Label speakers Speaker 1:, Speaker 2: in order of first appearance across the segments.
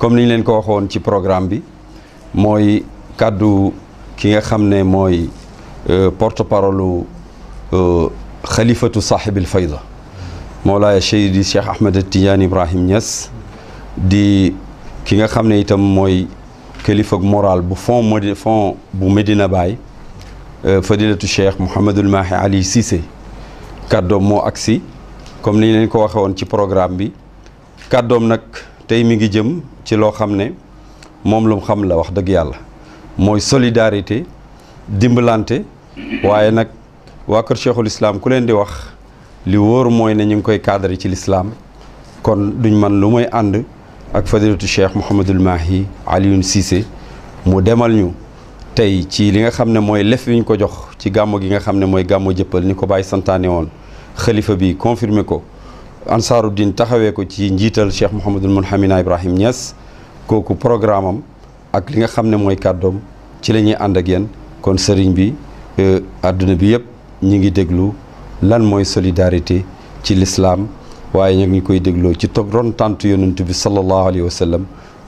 Speaker 1: comme ni ñu leen ko waxoon ci programme bi mooy kàddu ki nga xam ne mooy euh, porte parole euh, xalifatu saaxibil fayda moolaaya Seydi Cheikh Ahmed Tidiane Ibrahim ñes di ki nga xam ne itam mooy kilifa moral bu fond modi fond bu Medina Baye euh, fadilatu Cheikh Mouhamadul Mahi Ali Cissé kàddoom moo agsi comme ni ñu leen ko waxee woon ci programme bi kàddoom nag. tey mi ngi jëm ci loo xam ne moom lu xam la wax dëgg yàlla mooy solidarité dimbalante waaye nag waa kër cheikhul islam ku leen di wax li wóor mooy ne ñu ngi koy cadre ci lislaam kon duñ man lu mooy ànd ak fadilatu cheikh Mouhamadul Mahi Alioune Cissé mu demal ñu tey ci li nga xam ne mooy lef yu ñu ko jox ci gàmmu gi nga xam ne mooy gàmmu jëppal ni ko bàyyi santaane woon xalifa bi confirmé ko ansaaru diin taxawee ko ci njiital cheikh Mouhamadul Munhamina Ibrahim Niass kooku programme am ak li nga xam ne mooy kàddoom ci la ñuy ànd ak yéen kon sëriñ bi e, àdduna bi yëpp ñi ngi déglu lan mooy solidarité ci lislaam waaye ñoo ngi koy dégloo ci toog ron tàntu yonent bi sallallahu alayhi wa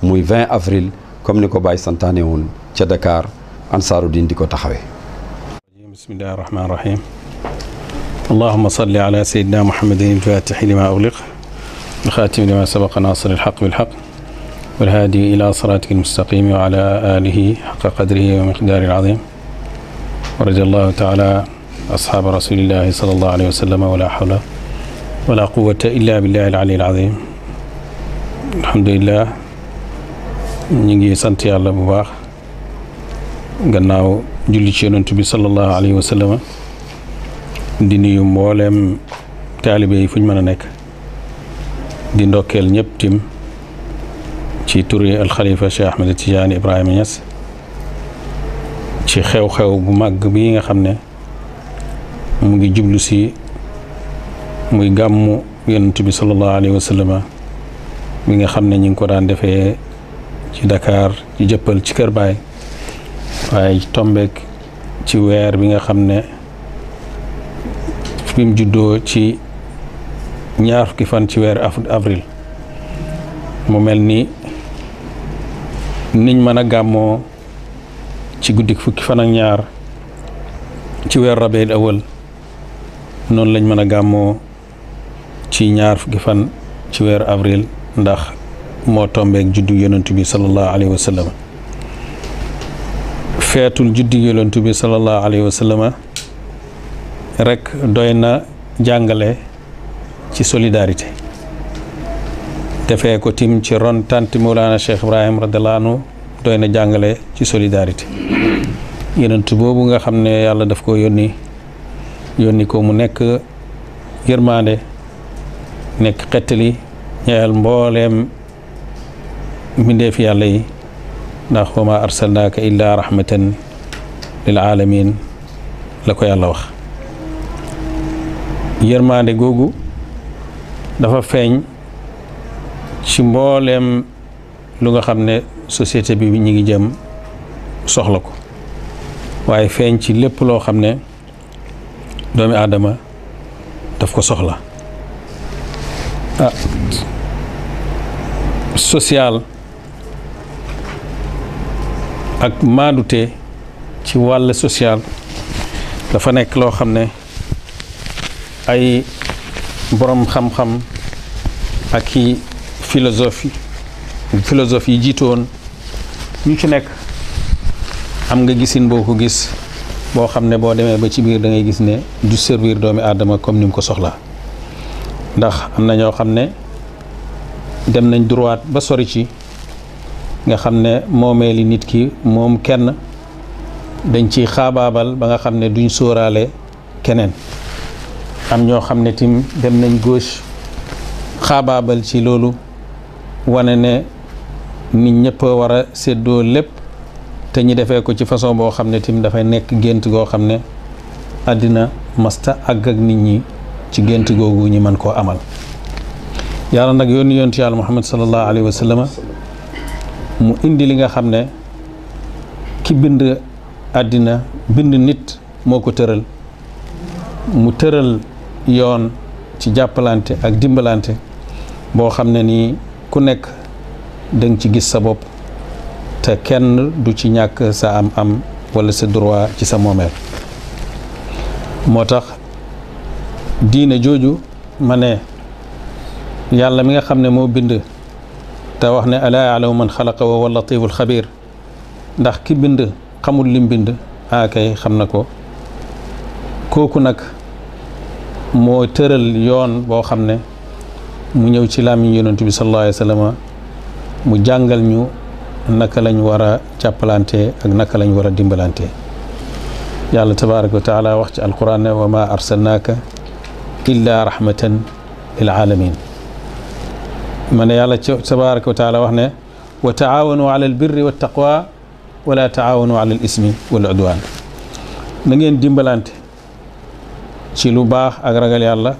Speaker 1: muy 20 avril comme ni ko bàyyi santaane woon ca Dakar ansaaru diin di ko taxawe bismillahi rahmaani
Speaker 2: اللهم صل على سيدنا محمد الفاتح لما أغلق الخاتم لما سبق ناصر الحق بالحق والهادي إلى صراطك المستقيم وعلى آله حق قدره ومقداره العظيم ورضي الله تعالى أصحاب رسول الله صلى الله عليه وسلم ولا حول ولا قوة إلا بالله العلي العظيم الحمد لله ñu ngi sant yàlla bu baax gannaaw julli ci yonent bi sallallahu alayhi wa sallam di nuyu mbooleem taalibe yi fu ñu mën a nekk di ndokkeel ñépp tim ci turi alxalifa Cheikh Ahmed Tidiane Ibrahima Niass ci xew-xew bu màgg bi nga xam ne mu ngi jublu si muy gàmmu yonent bi sallallahu alayhi wa sallam mi nga xam ne ñu ngi ko daan defee ci Dakar ci jëppal ci Kër Baay waaye tombeek ci weer bi nga xam ne bi mu juddoo ci ñaar fukki fan ci weer avril mu mel nii niñ mën a gàmmoo ci guddi fukki fan ñaar ci weer rabiul awal noonu lañ mën a gàmmoo ci ñaar fukki fan ci weer avril ndax moo tombeek juddu yonent bi sallallahu alayhi wa sallam feetul juddi yonent bi sallallahu alayhi wa rek doy na jàngale ci solidarité defee ko tim ci ron tànt Mawlana Cheikh Ibrahim radiyallahu doy na jàngale ci solidarité yonent boobu nga xam ne yàlla daf ko yónni yónni ko mu nekk yërmaande nekk xettali ñeyal mbooleem mbindeef yàlla yi ndax wa ma illa rahmatan lil alamin la ko yàlla wax yërmaande googu dafa feeñ ci mbooleem lu nga xam ne société bi ñu ngi jëm soxla ko waaye feeñ ci lépp loo xam ne doomi aadama daf ko soxla ah social ak maadute ci wàll social dafa nekk loo xam ne ay boroom xam-xam ak i philosophe philosophe yi jiitoon ñu ci nekk am nga gisin boo ko gis boo xam ne boo demee ba ci biir da ngay gis ne du servir doomi aadama comme ni mu ko soxla ndax am na ñoo xam ne dem nañ droit ba sori ci nga xam ne moomee nit ki moom kenn dañ ciy xaabaabal ba nga xam ne duñ sóoraale keneen am ñoo xam ne tim dem nañ gauche xaabaabal ci loolu wane ne nit ñëpp war a séddoo lépp te ñi defee ko ci façon boo xam ne tim dafay nekk gént goo xam ne àddina masta ak nit ñi ci gént googu ñi mën koo amal yàlla nag yónni yontu yàlla muhammad salallahu alayhi wa sallam mu indi li nga xam ne ki bind àddina bind nit moo ko tëral mu tëral yoon ci jàppalante ak dimbalante boo xam ne nii ku nekk danga ci gis sa bopp te kenn du ci ñàkk sa am am wala sa droit ci sa moomeel moo tax diine jooju ma ne yàlla mi nga xam ne moo bind te wax ne alaa yaalamu man xalaqa wa huwa xabiir ndax ki bind xamul lim bind aakay ah xam na ko kooku nag moo tëral yoon boo xam ne mu ñëw ci làmmiñ yonent bi sallallahu mu jàngal ñu naka lañ wara a ak naka lañ war a dimbalante yàlla tabaraka wa wax ci alquran ne wa ma illa rahmatan lil alamin ma yàlla tabaraka wa wax ne wa taawanu ala al wa wala taawanu ala ngeen dimbalante ci lu baax ak ragal yàlla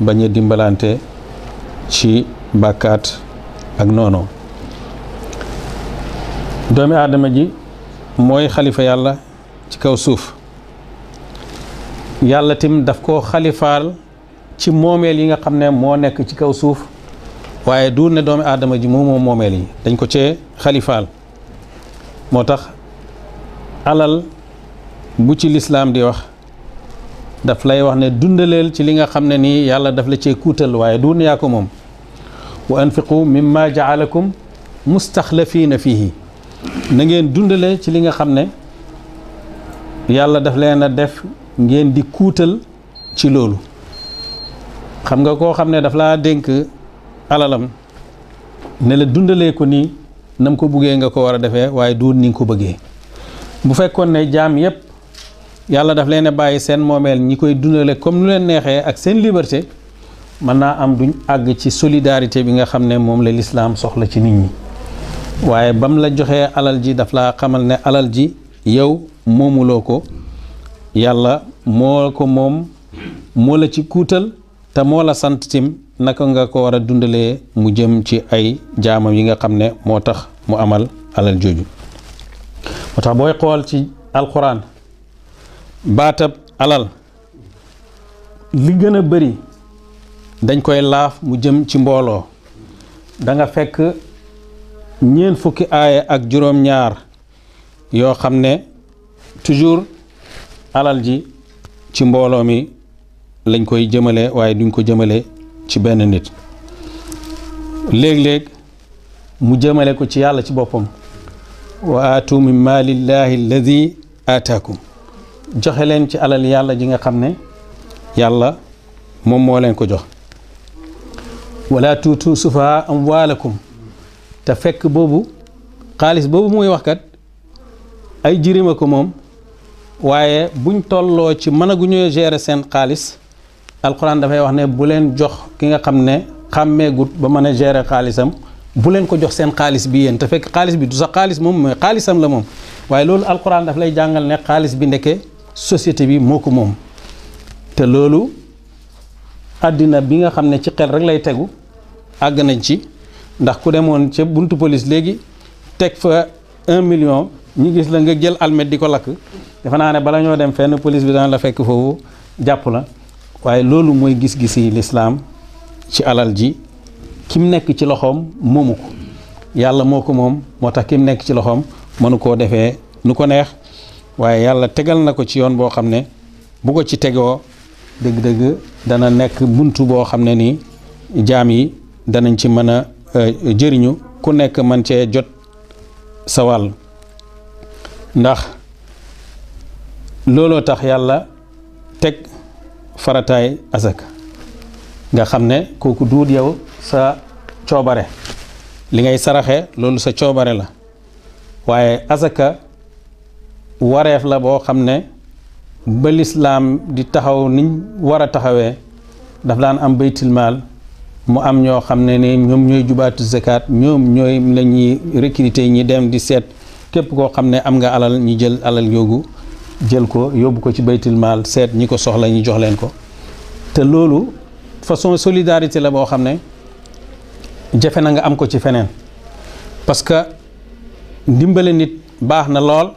Speaker 2: bañ a dimbalante ci bàkkaat ak noonu doomi aadama ji mooy xalifa yàlla ci kaw suuf yàlla tim daf koo xalifaal ci moomeel yi nga xam ne moo nekk ci kaw suuf waaye du ne doomi aadama ji moom moom moomeel yi dañ ko cee xalifaal moo tax alal bu ci lislaam di wax daf lay wax ne dundaleel ci li nga xam ne nii yàlla daf la cee kuutal waaye duun yaa ko moom wa anfiqu mimma jaalakum mustaxlafiina fihi na nangeen dundale ci li nga xam ne yàlla daf leen a def ngeen di kuutal ci loolu xam nga koo xam ne daf laa dénk alalam ne la dundalee ko nii nam ko buggee nga ko war a defee waaye duun ni ko bëggee bu fekkoon ne jaam yépp yàlla daf leen a bàyyi seen moomeel ñi koy dundale comme nu leen neexee ak seen liberté mën naa am duñ àgg ci solidarité bi nga xam ne moom la lislaam soxla ci nit ñi waaye bam la joxee alal ji daf laa xamal ne alal ji yow moomuloo ko yàlla moo ko moom moo la ci kuutal te moo la sant tim naka nga ko war a dundalee mu jëm ci ay jaamam yi nga xam ne moo tax mu amal alal jooju moo tax booy xool ci alxuraan baatab alal li gën a bëri dañ koy laaf mu jëm ci mbooloo danga fekk ñeent fukki aaya ak juróom-ñaar yoo xam ne toujours alal ji ci mbooloo mi lañ koy jëmale waaye duñ ko jëmale ci benn nit léeg-léeg mu jëmale ko ci yàlla ci boppam wa aatu min maalillahi alladi aataakum joxe leen ci alal yàlla ji nga xam ne yàlla moom moo leen ko jox wala tuutu sufaha amwaalakum te fekk boobu xaalis boobu muy wax kat ay jirima ko moom waaye buñ tolloo ci mën a gu ñuy gérer seen xaalis alxuraan dafay wax ne bu leen jox ki nga xam ne xàmmeegut ba mën a gérer xaalisam bu leen ko jox seen xaalis bi yéen te fekk xaalis bi du sax moom mooy xaalisam la moom waaye loolu alxuraan daf lay jàngal ne xaalis bi ndeke société bi moo ko moom te loolu àddina bi nga xam ne ci xel rek lay tegu àgg nañ ci ndax ku demoon ca buntu police léegi teg fa un million ñu gis la nga jël almet di ko lakk defe naa ne bala ñoo dem fenn police bi daan la fekk foofu jàpp la waaye loolu mooy gis-gisi lislaam ci alal ji kim nekk ci loxoom moomu ko yàlla moo ko moom moo tax kim nekk ci loxoom mënu koo defee nu ko neex waaye yàlla tegal na ko ci yoon boo xam ne bu ko ci tegoo dëgg-dëgg dana nekk bunt boo xam ne nii jaam yi danañ ci mën a euh, jëriñu ku nekk man cee jot sa wàll ndax looloo tax yàlla teg farataay asaka nga xam ne kooku duut yow sa coobare li ngay saraxe loolu sa coobare la waaye asaka wareef la boo xam ne ba lislaam di taxaw niñ war a taxawee daf daan am baytil maal mu am ñoo xam ne ni ñoom ñooy jubaatu zakat ñoom ñooy lañuy ñuy recruter ñi dem di seet képp koo xam ne am nga alal ñi jël alal yoogu jël ko yóbbu ko ci baytil maal seet ñi ko soxla ñi jox leen ko te loolu façon solidarité la boo xam ne jafe na nga am ko ci feneen parce que ndimbale nit baax na lool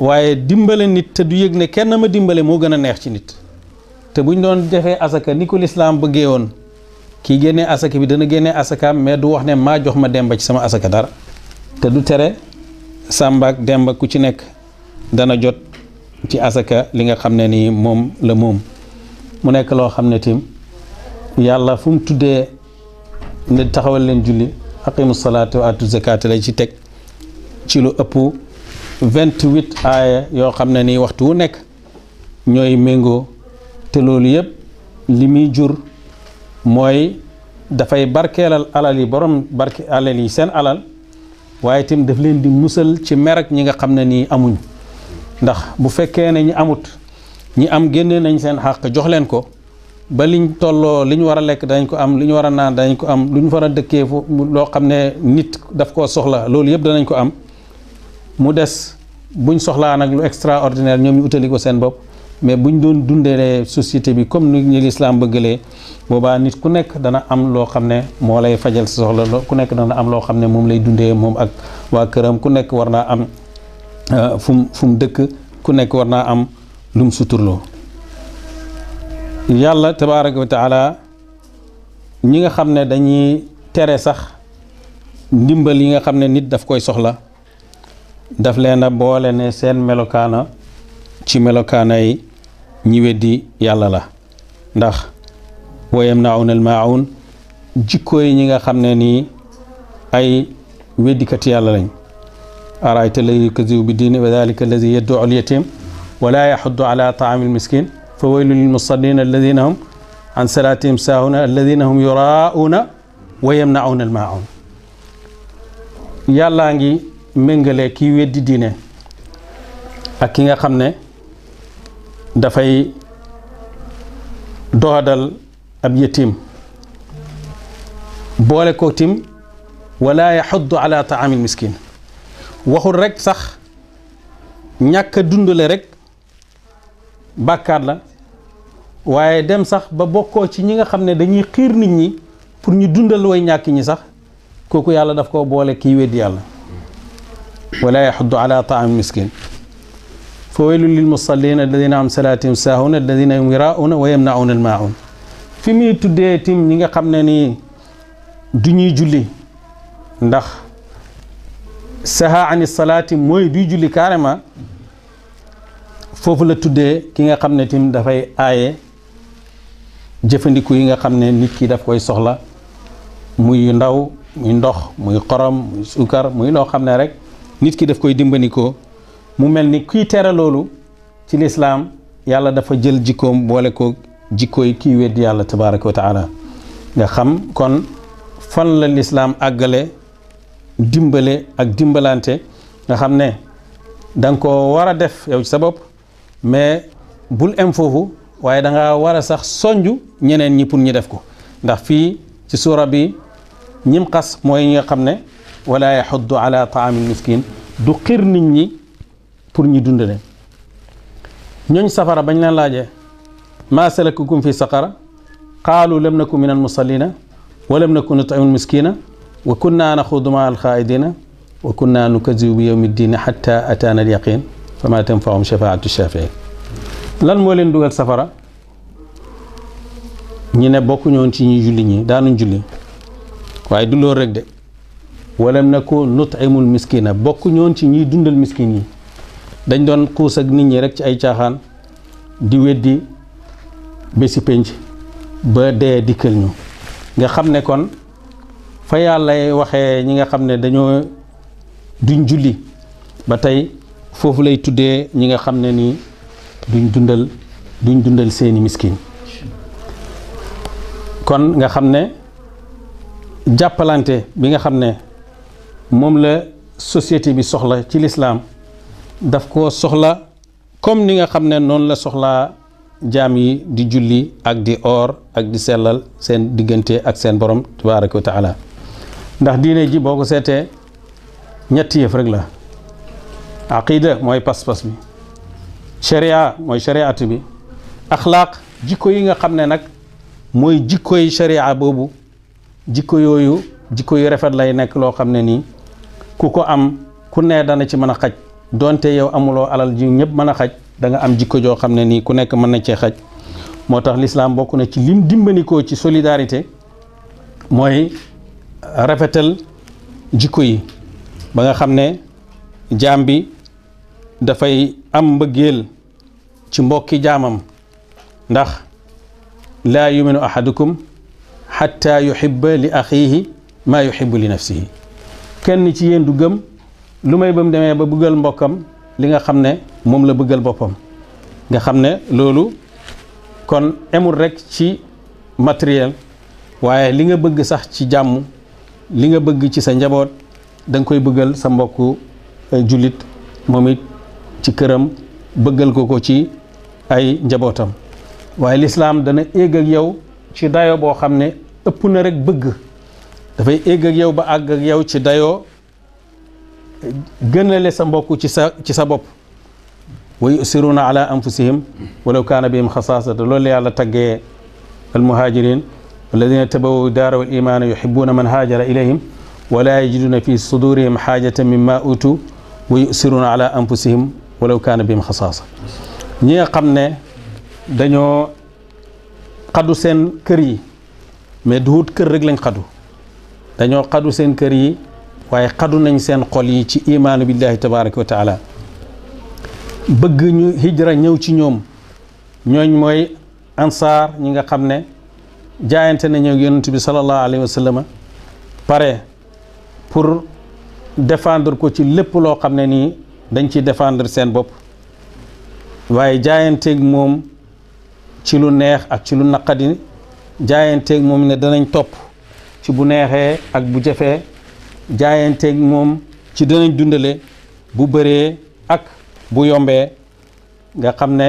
Speaker 2: waaye dimbale nit te du yëg ne kenn ma dimbale moo gën a neex ci nit te buñ doon defee asaka ni ko lislaam bëggee woon kii génnee asaka bi dana génnee asakaam mais du wax ne maa jox ma demba ci sama asaka dara te du tere sàmbaak demba ku ci nekk dana jot ci asaka li nga xam ne nii moom la moom mu nekk loo xam ne tim yàlla fu mu tuddee ne taxawal leen julli aqimu salaata wa atu zakaata la ci teg ci lu ëpp vingt-huit aaya yoo xam ne nii waxtu wu nekk ñooy méngoo te loolu yëpp li muy jur mooy dafay barkeelal alal yi borom barke alal yi seen alal waaye itam daf leen di musal ci mer ñi nga xam ne nii amuñ ndax bu fekkee ne ñi amut ñi am génne nañ seen xàq jox leen ko ba liñ tolloo li ñu war a lekk dañ ko am li ñu war a naan dañ ko am lu ñu war a dëkkee fu loo xam ne nit daf koo soxla loolu yëpp danañ ko am mu des buñ soxlaa nag lu extraordinaire ñoom ñu utali ko seen bopp mais bu ñu doon dundalee société bi comme ni ñu lislaam bëggalee boobaa nit ku nekk dana am loo xam ne moo lay fajal sa soxla ku nekk dana am loo xam ne moom lay dundee moom ak waa këram ku nekk war naa am euh, fum mu fu dëkk ku nekk war naa am lum suturloo yàlla tabaaraka wa taala ñi nga xam ne dañuy tere sax ndimbal yi nga xam ne nit daf koy soxla daf leen a boole ne seen melokaana ci melokaana yi ñi weddi yàlla la ndax wa yamnaawna al maawun jikko yi ñi nga xam ne nii ay weddikat yàlla lañ arayta lay yukazibu bi diini wa dalika alladi yaddu al yatim wa laa yaxuddu ala taami al miskin fa waylu lil musallin alladina hum an salaatihim saahuna alladina hum yurauna wa yamnaawna al maawun yàllaa ngi méngale kiy weddi diine ak ki nga xam ne dafay doodal ab yatiim boole ko tim wala yaxuddu ala taamil miskin waxul rek sax ñàkk dundale rekk bàkkaat la waaye dem sax ba bokkoo ci ñi nga xam ne dañuy xiir nit ñi pour ñu dundal way ñàkk ñi sax kooku yàlla daf koo boole kiy weddi yàlla ولا يحض على طعام المسكين فويل للمصلين الذين عن صلاتهم ساهون الذين يراؤون ويمنعون الماعون fi muy tuddee tim ñi nga xam ne ni du ñuy julli ndax saha ani salaati mooy duy julli carrément foofu la tuddee ki nga xam ne tim dafay aaye jëfandiku yi nga xam ne nit ki daf koy soxla muy ndaw muy ndox muy xorom muy suukar muy loo xam ne rek nit ki daf koy dimbanikoo mu mel ni kuy tere loolu ci lislaam yàlla dafa jël jikkoom boole ko jikkooy kiy weddi yàlla tabaraka wa taala nga xam kon fan la lislaam àggale dimbale ak dimbalante nga xam ne danga ko war a def yow ci sa bopp mais bul em foofu waaye danga nga war a sax sonju ñeneen ñi pour ñu def ko ndax fii ci suura bi ñim xas mooy nga xam ne wala yaxuddu ala taamil miskin du xir nit ñi pour ñu dundale ñooñ safara bañ leen laajee maa salakakum fi saqara qaalu lam naku min almusallina wa lam naku nutcimu almiskina wa kunna naxuudu maa alxaaidina wa kunna nukazibu bi yowmi ddin xata ataana alyaqin fa ma tanfaahum shafaatu shafiin lan moo leen dugal safara ñi ne bokku ñoon ci ñuy julli ñi daanuñ julli waaye du loolu rek de walam naku nut'imul miskina bokk ñoon ci ñuy dundal miskin yi dañ doon xuus ak nit ñi rek ci ay caaxaan di weddi bési pénc ba dee dikkal ñu nga xam ne kon fa yàlla waxee ñi nga xam ne dañoo duñ julli ba tey foofu lay tuddee ñi nga xam ne ni duñ dundal duñ dundal seeni miskin kon nga xam ne jàppalante bi nga xam ne moom la société bi soxla ci lislaam daf ko soxla comme ni nga xam ne noonu la soxla jaam yi di julli ak di oor ak di sellal seen diggante ak seen borom tabaraka wa taala ndax diine ji boo ko seetee ñetti yëf rek la aqida mooy pas-pas bi sharia mooy shariatu bi axlaaq jikko yi nga xam ne nag mooy jikkoy yi sharia boobu jikko yooyu jikko yu rafet lay nekk loo xam ne nii ku ko am ku ne dana ci mën a xaj donte yow amuloo alal ji ñépp mën a xaj danga am jikko joo xam ne nii ku nekk mën na cee xaj moo tax lislaam bokk na ci lim dimbanikoo ci solidarité mooy rafetal jikko yi ba nga xam ne jaam bi dafay am mbëggeel ci mbokki jaamam ndax laa yuminu ahadukum xatta yuhibba li axiihi maa yuhibbu li nafsihi kenn ci yéen du gëm lu may ba demee ba bëggal mbokkam li nga xam ne moom la bëggal boppam nga xam ne loolu kon emul rek ci matériel waaye li nga bëgg sax ci jàmm li nga bëgg ci sa njaboot danga koy bëggal sa mbokk euh, jullit moom it ci këram bëggal ko ko ci ay njabootam waaye lislaam dana éeg ak yow ci dayo boo xam ne ëpp na rekk bëgg dafay égg ak yow ba àgg ak yow ci dayoo gënale sa mbokk ci sa ci sa bopp wa yusiruuna ala anfusihim walaw kaana bihim xasaasata loolu la yàlla taggee almuhaajirin alladina tabawu daara wal imaana yuhibuuna man haajara ilayhim wala yajiduuna fi sudurihim xaajatan ma utu wa yusiruuna ala anfusihim walaw kaana bihim xasaasa ñi nga xam ne dañoo xadu seen kër yi mais duut kër rek lañ xadu dañoo xadu seen kër yi waaye xadu nañ seen xol yi ci imaanu billahi tabaraka wa taala bëgg ñu hijra ñëw ci ñoom ñooñ mooy ansaar ñi nga xam ne jaayante nañu yonent bi salallahu alayhi wa pare pour defendre ko ci lépp loo xam ne nii dañ ciy defendre seen bopp waaye jaayanteeg moom ci lu neex ak ci lu naqadi jaayanteeg moom ne danañ topp ci bu neexee ak bu jafee jaayanteeg moom ci danañ dundale bu bëree ak bu yombee nga xam ne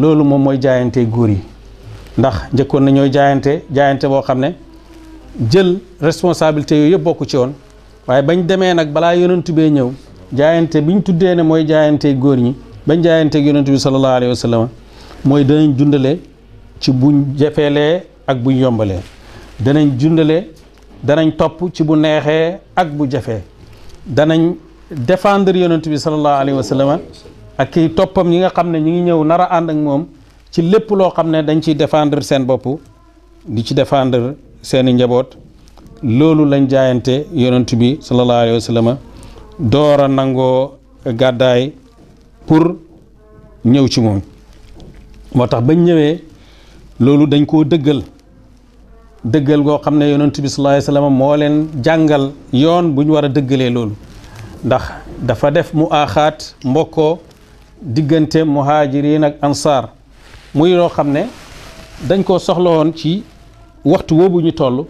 Speaker 2: loolu moom mooy jaayante góor yi ndax njëkkoon na ñooy jaayante jaayante boo xam ne jël responsabilité yooyu yëpp bokku ci woon waaye bañ demee nag balaa yonent bee ñëw jaayante bi biñ tuddee ne mooy jaayante góor ñi bañ jaayanteeg yonent bi sallallahu alayhi wa mooy danañ dundale ci buñ jafeelee ak buñ yombalee danañ dundale danañ topp ci bu neexee ak bu jafee danañ défendre yonent bi sallallahu alayhi wa ak kii toppam ñi nga xam ne ñu ngi ñëw nar a ànd ak moom ci lépp loo xam ne dañ ciy défendre seen bopp di ci défendre seeni njaboot loolu lañ jaayante yonent bi sallallahu alayhi wa sallam a nangoo gàddaay pour ñëw ci moom moo tax bañ ñëwee loolu dañ koo dëggal dëggal goo xam ne yonent bi sallallahu alayhi wasallam moo leen jàngal yoon bu ñu war a dëggalee loolu ndax dafa def mu aaxaat mbokkoo diggante muhaajiriin ak ansaar muy loo xam ne dañ koo soxla woon ci waxtu woobu ñu toll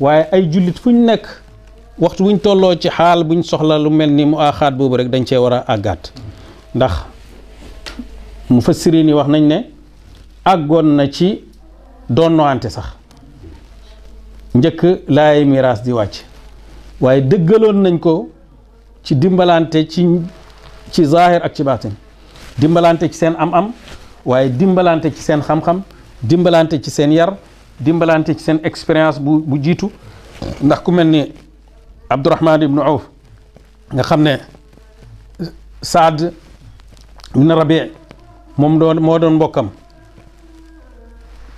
Speaker 2: waaye ay jullit fu ñu nekk waxtu wuñ tolloo ci xaal buñ soxla lu mel ni mu aaxaat boobu rek dañ cee war a àggaat ndax mufassiriin yi wax nañ ne àggoon na ci doon noante sax njëkk laay miraas di wàcc waaye dëggaloon nañ ko ci dimbalante ci ci zaahir ak ci baatin dimbalante ci seen am-am waaye dimbalante ci seen xam-xam dimbalante ci seen yar dimbalante ci seen expérience bu bu jiitu ndax ku mel ni Abdourahman ibnu Awf nga xam ne Saad ibn Rabi moom doon moo doon mbokkam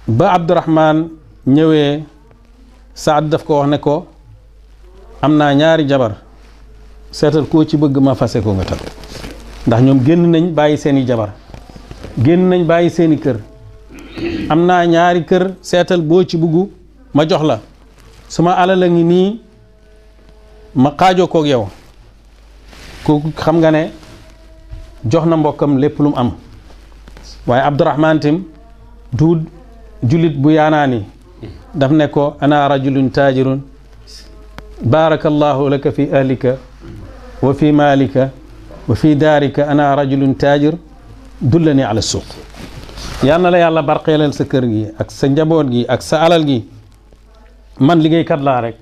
Speaker 2: ba Abdourahman ñëwee saad daf ko wax ne ko am naa ñaari jabar seetal koo ci bëgg ma fase ko nga takk ndax ñoom génn nañ bàyyi seeni jabar génn nañ bàyyi seeni kër am naa ñaari kër seetal boo ci bëggu ma jox la suma alal a ngi nii ma xaajoo kook yow ko xam nga ne jox na mbokkam lépp lu am waaye Abdourahman tim duud jullit bu yaanaani daf ne ko ana rajulun taajirun baarakallahu laka fi ahlika wa fi maalika wa fi daarika ana rajulun taajir dullani ala suuq yal na la yàlla barkeelal sa kër gi ak sa njaboot gi ak sa alal gi man liggéeykat laa rek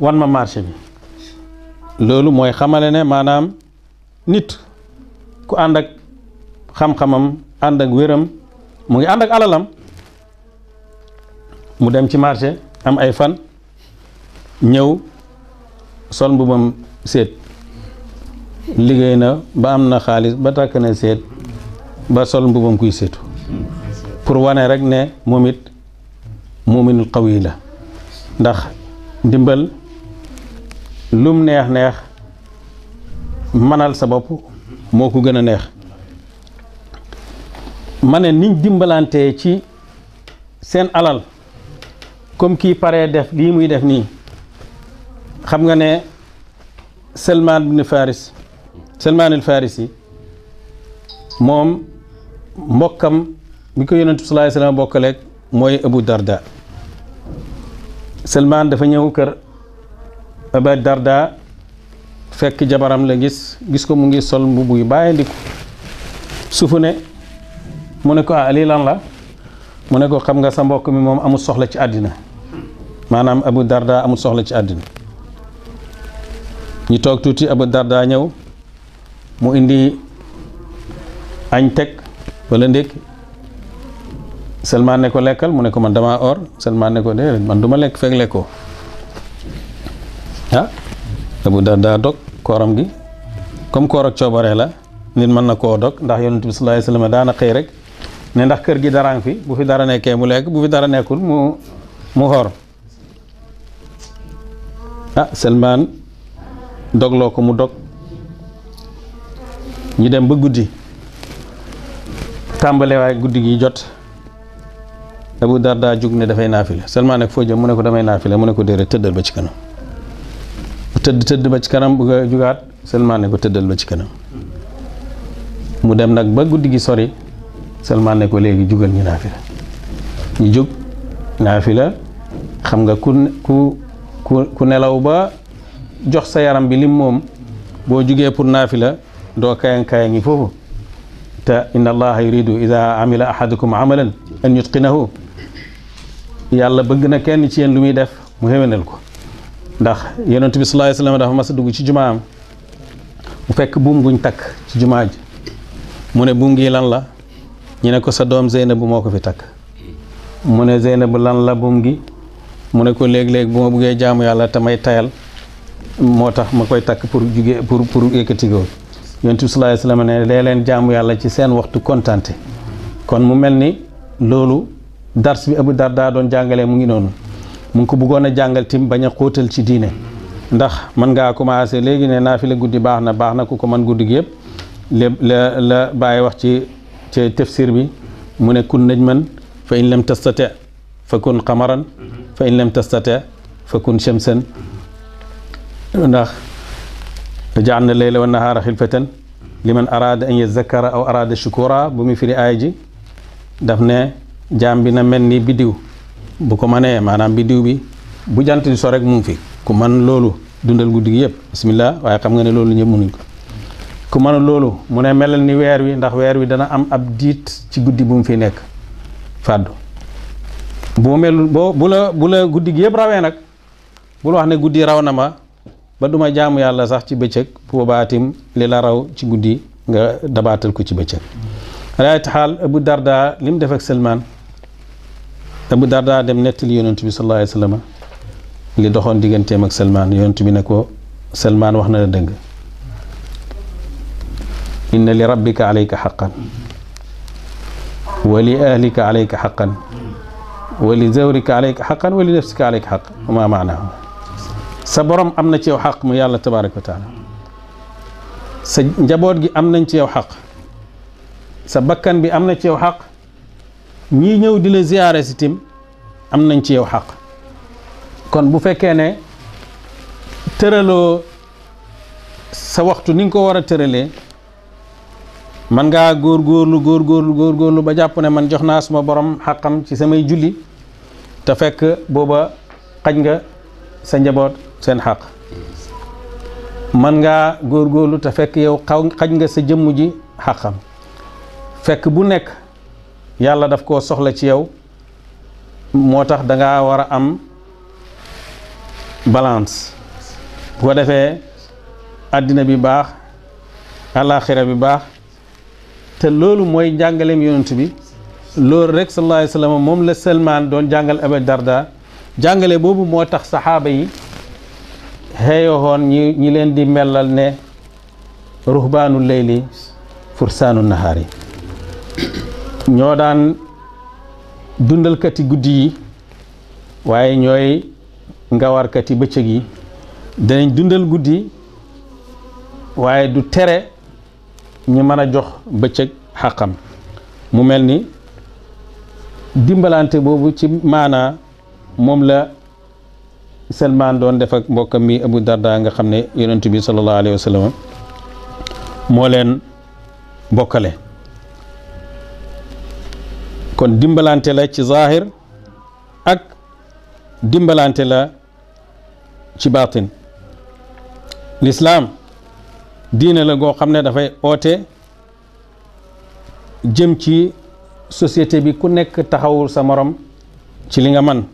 Speaker 2: wan ma marché bi loolu mooy xamale ne maanaam nit ku ànd ak xam-xamam ànd ak wéram mu ngi ànd ak alalam mu dem ci marché am ay fan ñëw sol mbubam seet liggéey na ba am na xaalis ba takk na seet ba sol mbubam kuy seetu pour wane rek ne moom it muminul qawi la ndax ndimbal lum neex neex manal sa bopp moo ko gën a neex ma ne niñ dimbalantee ci seen alal comme kii paree def lii muy def nii xam nga ne Salman ibn Faris Salman al Farisi moom mbokkam bi ko yonent bi sallallahu alayhi wasallam bokkaleeg mooy Abu Darda Salman dafa ñëw kër Abu Darda fekk jabaram la gis gis ko mu ngi sol mbubb yi bàyyi ndiku sufu ne mu ne ko ah lii lan la mu ne ko xam nga sa mbokk mi moom amul soxla ci àddina maanaam abu darda amul soxla ci àddina ñu toog tuuti abu darda ñëw mu indi añ teg wala ndékki Salmaan ne ko lekkal mu ne ko man dama or Salmaan ne ko déedéet man duma ma lekk fekk lekkoo ah abu darda dog kooram gi comme koor ak coobaree la nit mën na koo dog ndax yonent bi sallallahu alayhi wa daana xëy rek ne ndax kër gi daraan fi bu fi dara nekkee mu lekk bu fi dara nekkul mu mu xor Ah, selmaan Salmaan dogloo ko mu dog ñu dem ba guddi tàmbale waaye guddi gi jot Abu daa jug ne dafay naafile Salmaan nag foo jëm mu ne ko damay naafile mu ne ko déedéet tëddal ba ci kanam tëdd tëdd ba ci kanam bu nga jugaat Salmaan ne ko tëddal ba ci kanam mu dem nag ba guddi gi sori Salmaan ne ko léegi jugal ñu naafila ñu jug naafila xam nga ku ku ku ku nelaw ba jox sa yaram bi lim moom boo jugee pour naafila doo kayang-kayangi foofu te inna allaha yuridu ida amila ahadukum amalan an yutqinahu yàlla bëgg na kenn ci yéen lu muy def mu xéwénal ko ndax yonent bi sa alayhi wasallam dafa mas dugg ci jumaam mu fekk buum guñ takk ci jumaa ji mu ne buum gi lan la ñu ne ko sa doom Zeynab bu moo ko fi takk mune ne Zeynab lan la buum gi mu ne ko léeg-léeg bu ma buggee jaamu yàlla te may tayal moo tax ma koy takk pour jugee pour pour yëkkati ko yonent bi sallallahu alayhi wasallam ne dee leen jaamu yàlla ci seen waxtu kontante kon mu mel ni loolu dars bi Abu Darda doon jàngalee mu ngi noonu mu ngi ko bëggoon a jàngal tim bañ a xóotal ci diine ndax mën ngaa commencé léegi ne naa fi la guddi baax na baax na ku ko mën guddi gi yëpp lépp la la bàyyi wax ci ci tafsir bi mu ne kun najman fa in lam tastati fa kun qamaran fa in lam tastati fa kun shamsan ndax jaal na layla wa nahaara xilfatan liman araada an yazakkara aw araada shukura bu muy firi aay ji daf ne jaam bi na mel ni biddiw bu ko mënee maanaam biddiw bi bu jant di so rek mu ngi fi ku man loolu dundal guddi gi yëpp bismillah waaye xam nga ne loolu ñëpp mënuñ ko ku mën loolu mu ne melal ni weer wi ndax weer wi dana am ab diit ci guddi bu mu fi nekk fàddu boo melul boo bu la bu guddi gi yëpp rawee nag bul wax ne guddi raw na ma ba duma jaamu yàlla sax ci bëccëg boobaatim li la raw ci guddi nga dabaatal ko ci bëccëg alaay taxaal abu darda li mu def ak selmaan abu darda dem nettali yonentu bi sallallahu doxoon digganteem ak selmaan yonentu ne ko selmaan wax na la dëgg inna li rabbika alayka xaqan wa li ahlika alayka xaqan wali zawrika aleyka xaqan wali nafsika aleyka xaq ma maanaahu sa borom am na ci yow xaq mu yàlla tabaraka wa taala sa njaboot gi am nañ ci yow xaq sa bakkan bi am na ci yow xaq ñii ñëw di la ziyaare si tim am nañ ci yow xaq kon bu fekkee ne tëraloo sa waxtu ni nga ko war a tëralee man ngaa góor góorgóorlu góor góorlu ba jàpp ne man jox naa suma borom xaqam ci samay julli te fekk booba xaj nga sa njaboot seen xaq man ngaa góorgóorlu te fekk yow xaw xaj nga sa jëmm ji xaqam fekk bu nekk yàlla daf koo soxla ci yow moo tax da ngaa war a am balance bu ko defee àddina bi baax àllaaxira bi baax te loolu mooy njàngaleem yonent bi loolu rek sallallahu alayhi moom la Salmaan doon jàngal Abu Darda jàngale boobu moo tax saxaaba yi xeeyoxoon ñi ñi leen di melal ne ruhbaanu leyli fursaanu nahaar yi ñoo daan dundalkati guddi yi waaye ñooy ngawarkati bëccëg yi dañ dundal guddi waaye du tere ñi mën a jox bëccëg xàqam mu mel ni dimbalante boobu ci maanaa moom la Salmaan doon def ak mbokkam mi Abu Darda nga xam ne yonent bi sallallahu alayhi moo leen bokkale kon dimbalante la ci zaahir ak dimbalante la ci baatin lislaam diina la goo xam ne dafay oote jëm ci société bi ku nekk taxawul sa morom ci li nga man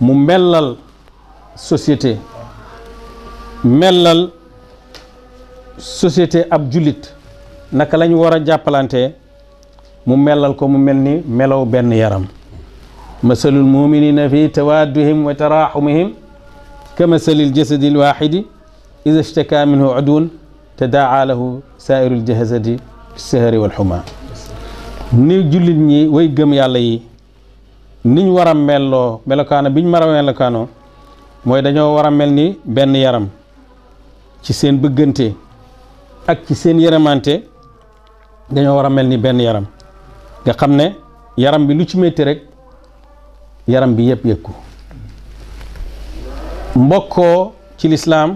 Speaker 2: mu mellal société mellal société ab jullit naka lañu war a jàppalante mu mellal ko mu mel ni melow benn yaram masalul muminina fi tawadduhim wa taraxumihim ka masalil jasadil waxidi ida ishtaka minhu te daa lahu saairul jahazati fi sahari wal ni jullit ñi way gëm yàlla yi niñ war a melloo melokaano biñ mar a melokaano mooy dañoo war a mel ni benn yaram ci seen bëggante ak ci seen yaramante dañoo war a mel ni benn yaram nga xam ne yaram bi lu ci metti rek yaram bi yëpp yëg ko mbokkoo ci lislaam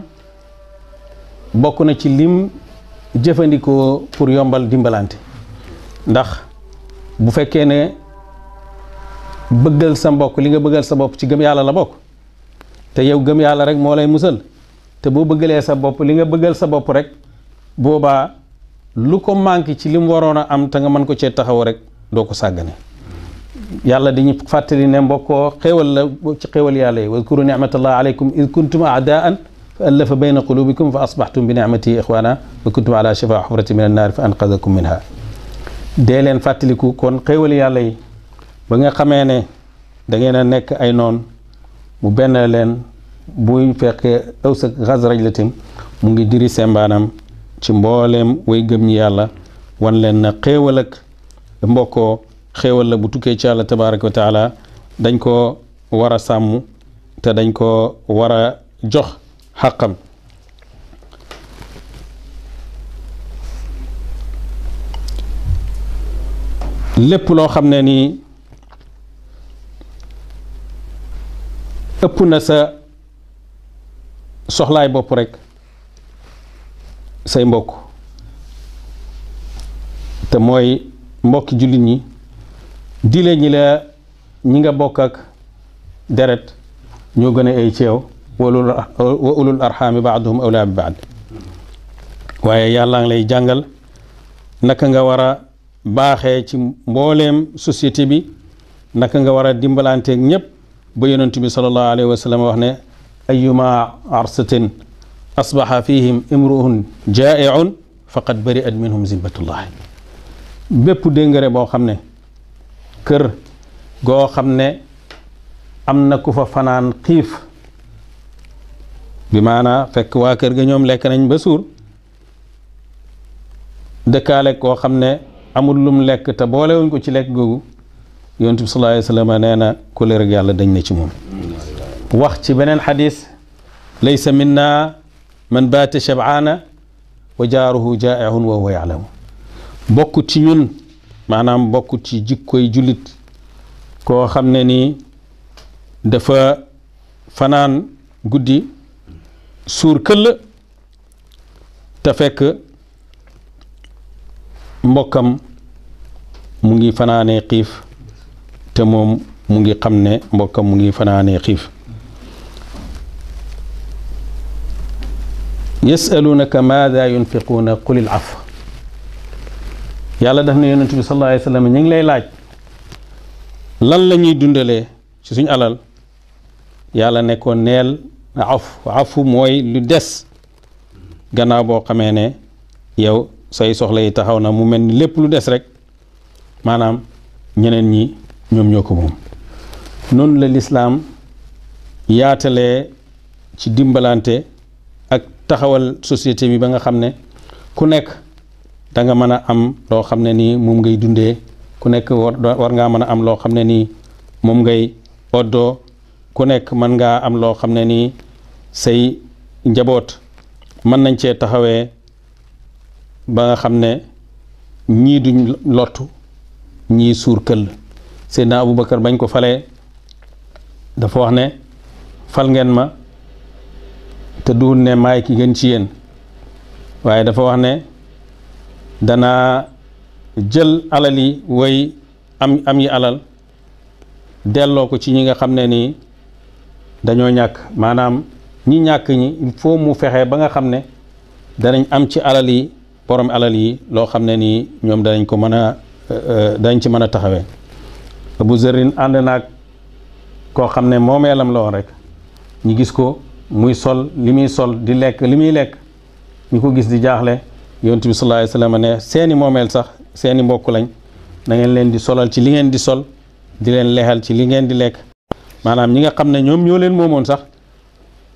Speaker 2: bokk na ci lim jëfandikoo pour yombal dimbalante ndax bu fekkee ne bëggal sa mbokk li nga bëggal sa bopp ci gëm yàlla la bokk te yow gëm yàlla rek moo lay musal te boo bëggalee sa bopp li nga bëggal sa bopp rek boobaa lu ko manqué ci li mu waroon a am te nga mën ko cee taxaw rek doo ko sàggane yàlla dañu fàttali ne mbokkoo xéewal la ci xéewal yàlla yi wadkuru nicmatallahi aleykum id kuntum aadaan fa allafa bayna qulubikum fa asbaxtum bi nicmati ixwaana wa kuntum ala shafa xufrati min annaar fa anqadakum minha dee leen fàttaliku kon xéewal yàlla ba nga xamee ne da ngeen a nekk ay noon mu benn leen buy fekkee aw sa mu ngi diri sembaanam ci mbooleem way gëm yàlla wan leen na xéewal mbokko mbokkoo xéewal la bu tukkee ci yàlla tabaraka wa taala dañ ko war a sàmm te dañ ko wara jox xaqam lépp loo xam ne nii ëpp na sa soxlaay bopp rekk say mbokk te mooy mbokki jullit ñi dile ñi la ñi nga bokk ak deret ñoo gën a ay ceew wa ulul arxaami baaduhum awlaa ngi lay jàngal naka nga war a baaxee ci mbooleem société bi naka nga war a dimbalanteeg ñëpp ba yonent bi salallahu alayhi wa sallam wax ne ayuma arsatin asbaxa fihim imruun jaaiun faqad bariat minhum zimbatullah bépp déngare boo xam ne kër goo xam ne am na ku fa fanaan xiif bi maanaa fekk waa kër ga ñoom lekk nañ ba suur dëkkaale koo xam ne amul lum lekk te boolewuñ ko ci lekk googu yonent bi sallallaahu alayhi wa sallam nee na kuléer yàlla dañ na ci moom wax ci beneen xadis laysa minna man baata shabaana wa jaaruhu jaaihun wa huwa yaalamu bokkut ci ñun maanaam bokkut ci jikkoy jullit koo xam ne nii dafa fanaan guddi suur këll te fekk mbokkam mu ngi fanaanee xiif te moom mu ngi xam ne mbokkam mu ngi fanaanee xiif yasalunaka maada yunfiquuna qulil af yàlla daf na yonent bi sallallahu alayhi ñu ngi lay laaj lan la ñuy dundalee ci suñ alal yàlla ne ko neel afu afu mooy lu des gannaaw boo xamee ne yow say soxla yi taxaw na mu mel ni lépp lu des rek maanaam ñeneen ñi ñoom ñoo ko moom noonu la lislaam yaatalee ci dimbalante ak taxawal société bi ba nga xam ne ku nekk danga mën a am loo xam ne nii moom ngay dundee ku nekk war war ngaa mën a am loo xam ne nii moom ngay oddoo ku nekk mën ngaa am loo xam ne nii say njaboot mën nañ cee taxawee ba nga xam ne ñii duñ lottu ñii suur këll Seydina Aboubacar bañ ko falee dafa wax ne fal ngeen ma te du ne may ki gën ci yéen waaye dafa wax ne danaa jël alal yi way am am yi alal delloo ko ci ñi nga xam ne nii dañoo ñàkk maanaam ñi ñàkk ñi il mu fexee ba nga xam ne danañ am ci alal yi borom alal yi loo xam ne nii ñoom danañ ko mën a euh, euh, dañ ci mën a taxawee Abu Zarin ànd naag koo xam ne moomeelam la woon rek ñu gis ko muy sol li muy sol di lekk li muy lekk ñu ko gis di jaaxle yonent bi sallallahu seeni moomeel sax seeni mbokk lañ na leen di solal ci li ngeen di sol di leen lexal ci li ngeen di lekk maanaam ñi nga xam ne ñoom ñoo leen moomoon sax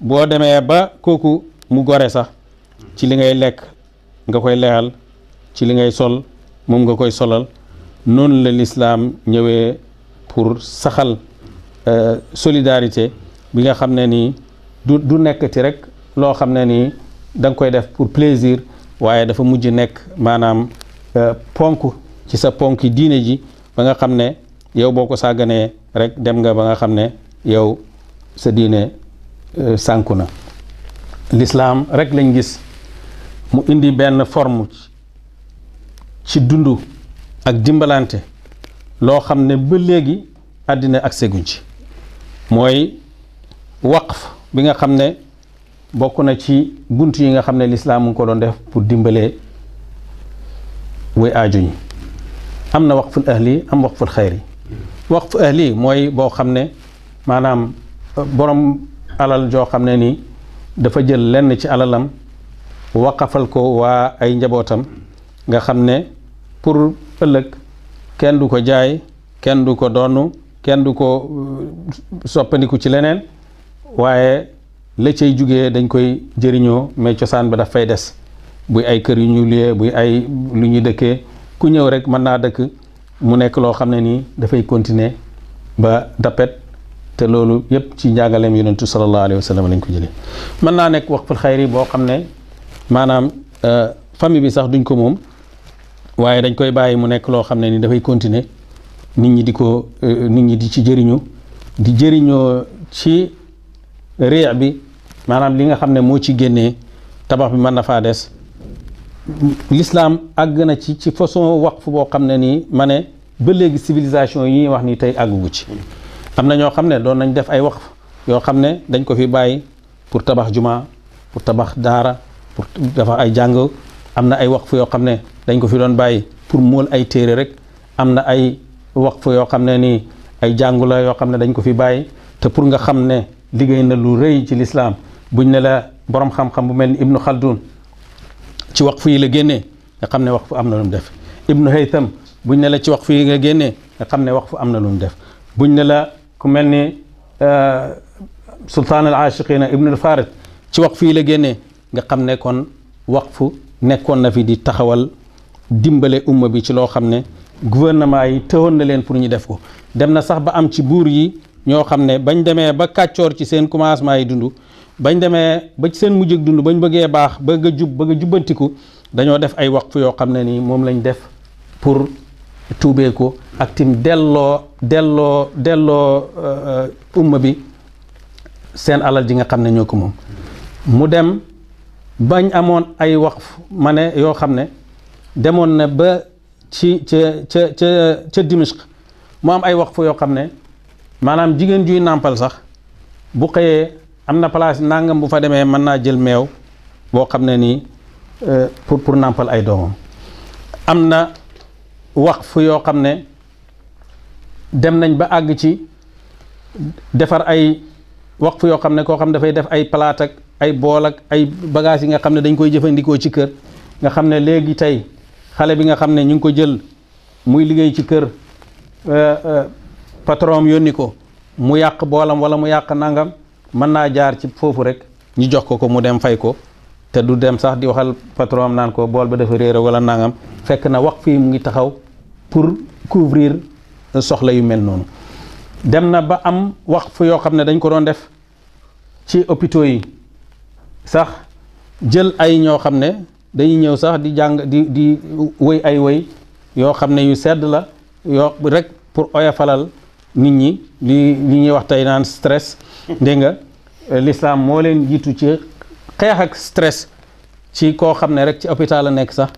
Speaker 2: boo demee ba kooku mu gore sax ci li ngay lekk nga koy leyal ci li ngay sol moom nga koy solal noonu la lislaam ñëwee pour saxal euh, solidarité bi nga xam ne nii du du nekkati rek loo xam ne nii da nga koy def pour plaisir waaye dafa mujj nekk maanaam euh, ponk ci sa ponk diine ji ba nga xam ne yow boo ko sàgganee rek dem nga ba nga xam ne yow sa diine euh, sànku na lislaam rek lañ gis mu indi benn forme ci dund ak dimbalante loo xam ne ba léegi àddina ak seguñ ci mooy waqf bi nga xam ne bokk na ci bunt yi nga xam ne lislaam mu ngi ko doon def pour dimbalee way aajuñ am na waqful ahli am waqful yi wax waqf eh, ahli mooy boo xam ne maanaam eh, borom alal joo xam ne nii dafa jël lenn ci alalam waqafal ko waa ay njabootam nga xam ne pour ëllëg kenn du ko jaay kenn du ko donn kenn du ko eh, soppandiku ci leneen waaye la cay jugee dañ koy jëriñoo mais cosaan bi daf fay des buy ay kër yu ñu luyee buy ay lu ñuy dëkkee ku ñëw rek mën naa dëkk mu nekk loo xam ne nii dafay continuer ba dappet te loolu yépp ci njàngaleem yonentu sallallahu alayhi wa sallam lañ ko jëlee mën naa nekk waqful xayri boo xam ne maanaam euh, famille bi sax duñ ko moom waaye dañ koy bàyyi mu nekk loo xam ne ni dafay continuer nit ñi di ko euh, nit ñi di ci jëriñu di jëriñoo ci réex bi maanaam li nga xam ne moo ci génnee tabax bi mën na faa des l'islam àgg na ci ci façon waqf boo xam ne nii ma ne ba léegi civilisation yi ñuy wax ni tey àggugu ci am na ñoo xam ne doon nañ def ay waqf yoo xam ne dañ ko fi bàyyi pour tabax juma pour tabax daara pour dafa ay jàng am na ay waqf yoo xam ne dañ ko fi doon bàyyi pour mool ay téere rek am na ay waqf yoo xam ne nii ay jàngu yoo xam ne dañ ko fi bàyyi te pour nga xam ne liggéey na lu rëy ci lislaam buñ ne la borom xam-xam bu mel ni Ibnu Khaldun ci waqf yi la génne nga xam ne waqf am na lu mu def ibnu haytham buñ ne la ci waqf yi nga génnee nga xam ne waqf am na lu mu def buñ ne la ku mel ni euh, sultaan al aashiqina ibnu al farid ci waqf yi la génne nga xam ne kon wax fu nekkoon na fi di taxawal dimbale umma bi ci loo xam ne gouvernement yi tëwoon na leen pour ñu def ko dem na sax ba am ci buur yi ñoo xam ne bañ demee ba kàccoor ci seen commencement yi dund bañ demee ba ci seen mujjug dund bañ bëggee baax bëgg a jub bëgg a jubbantiku dañoo def ay waqf yoo xam ne nii moom lañ def pour tuubee ko ak tim delloo delloo delloo euh, umma bi seen alal ji nga xam ne ñoo ko moom mu dem bañ amoon ay waqf ma ne yoo xam ne demoon na ba ci ca ca ca ca Dimishq mu am ay waqf yoo xam ne maanaam jigéen juy nàmpal sax bu xëyee am na place nangam bu fa demee mën naa jël meew boo xam ne nii euh, pour pour nàmpal ay doomam am na waqf yoo xam ne dem nañ ba àgg ci defar ay waqf yoo xam ne koo xam ne dafay def ay palaatak ay boolak ay bagages yi nga xam ne dañ koy jëfandikoo ci kër nga xam ne léegi tey xale bi nga xam ne ñu ngi ko jël muy liggéey ci kër euh, euh, patron yónni ko mu yàq boolam wala mu yàq nangam mën naa jaar ci foofu rek ñu jox ko ko mu dem fay ko te du dem sax di waxal patron am naan ko bool ba dafa réere wala nangam fekk na wax fii mu ngi taxaw pour couvrir soxla yu mel noonu dem na ba am wax fu yoo xam ne dañ ko doon def ci opito yi sax jël ay ñoo xam ne dañuy ñëw sax di jàng di di wëy ay wëy yoo xam ne yu sedd la yoo rek pour oyofalal nit ñi li li ñuy wax tey naan stress dégg nga l'islam moo leen jiitu ci xeex ak stress ci koo xam ne rek ci hôpital la nekk sax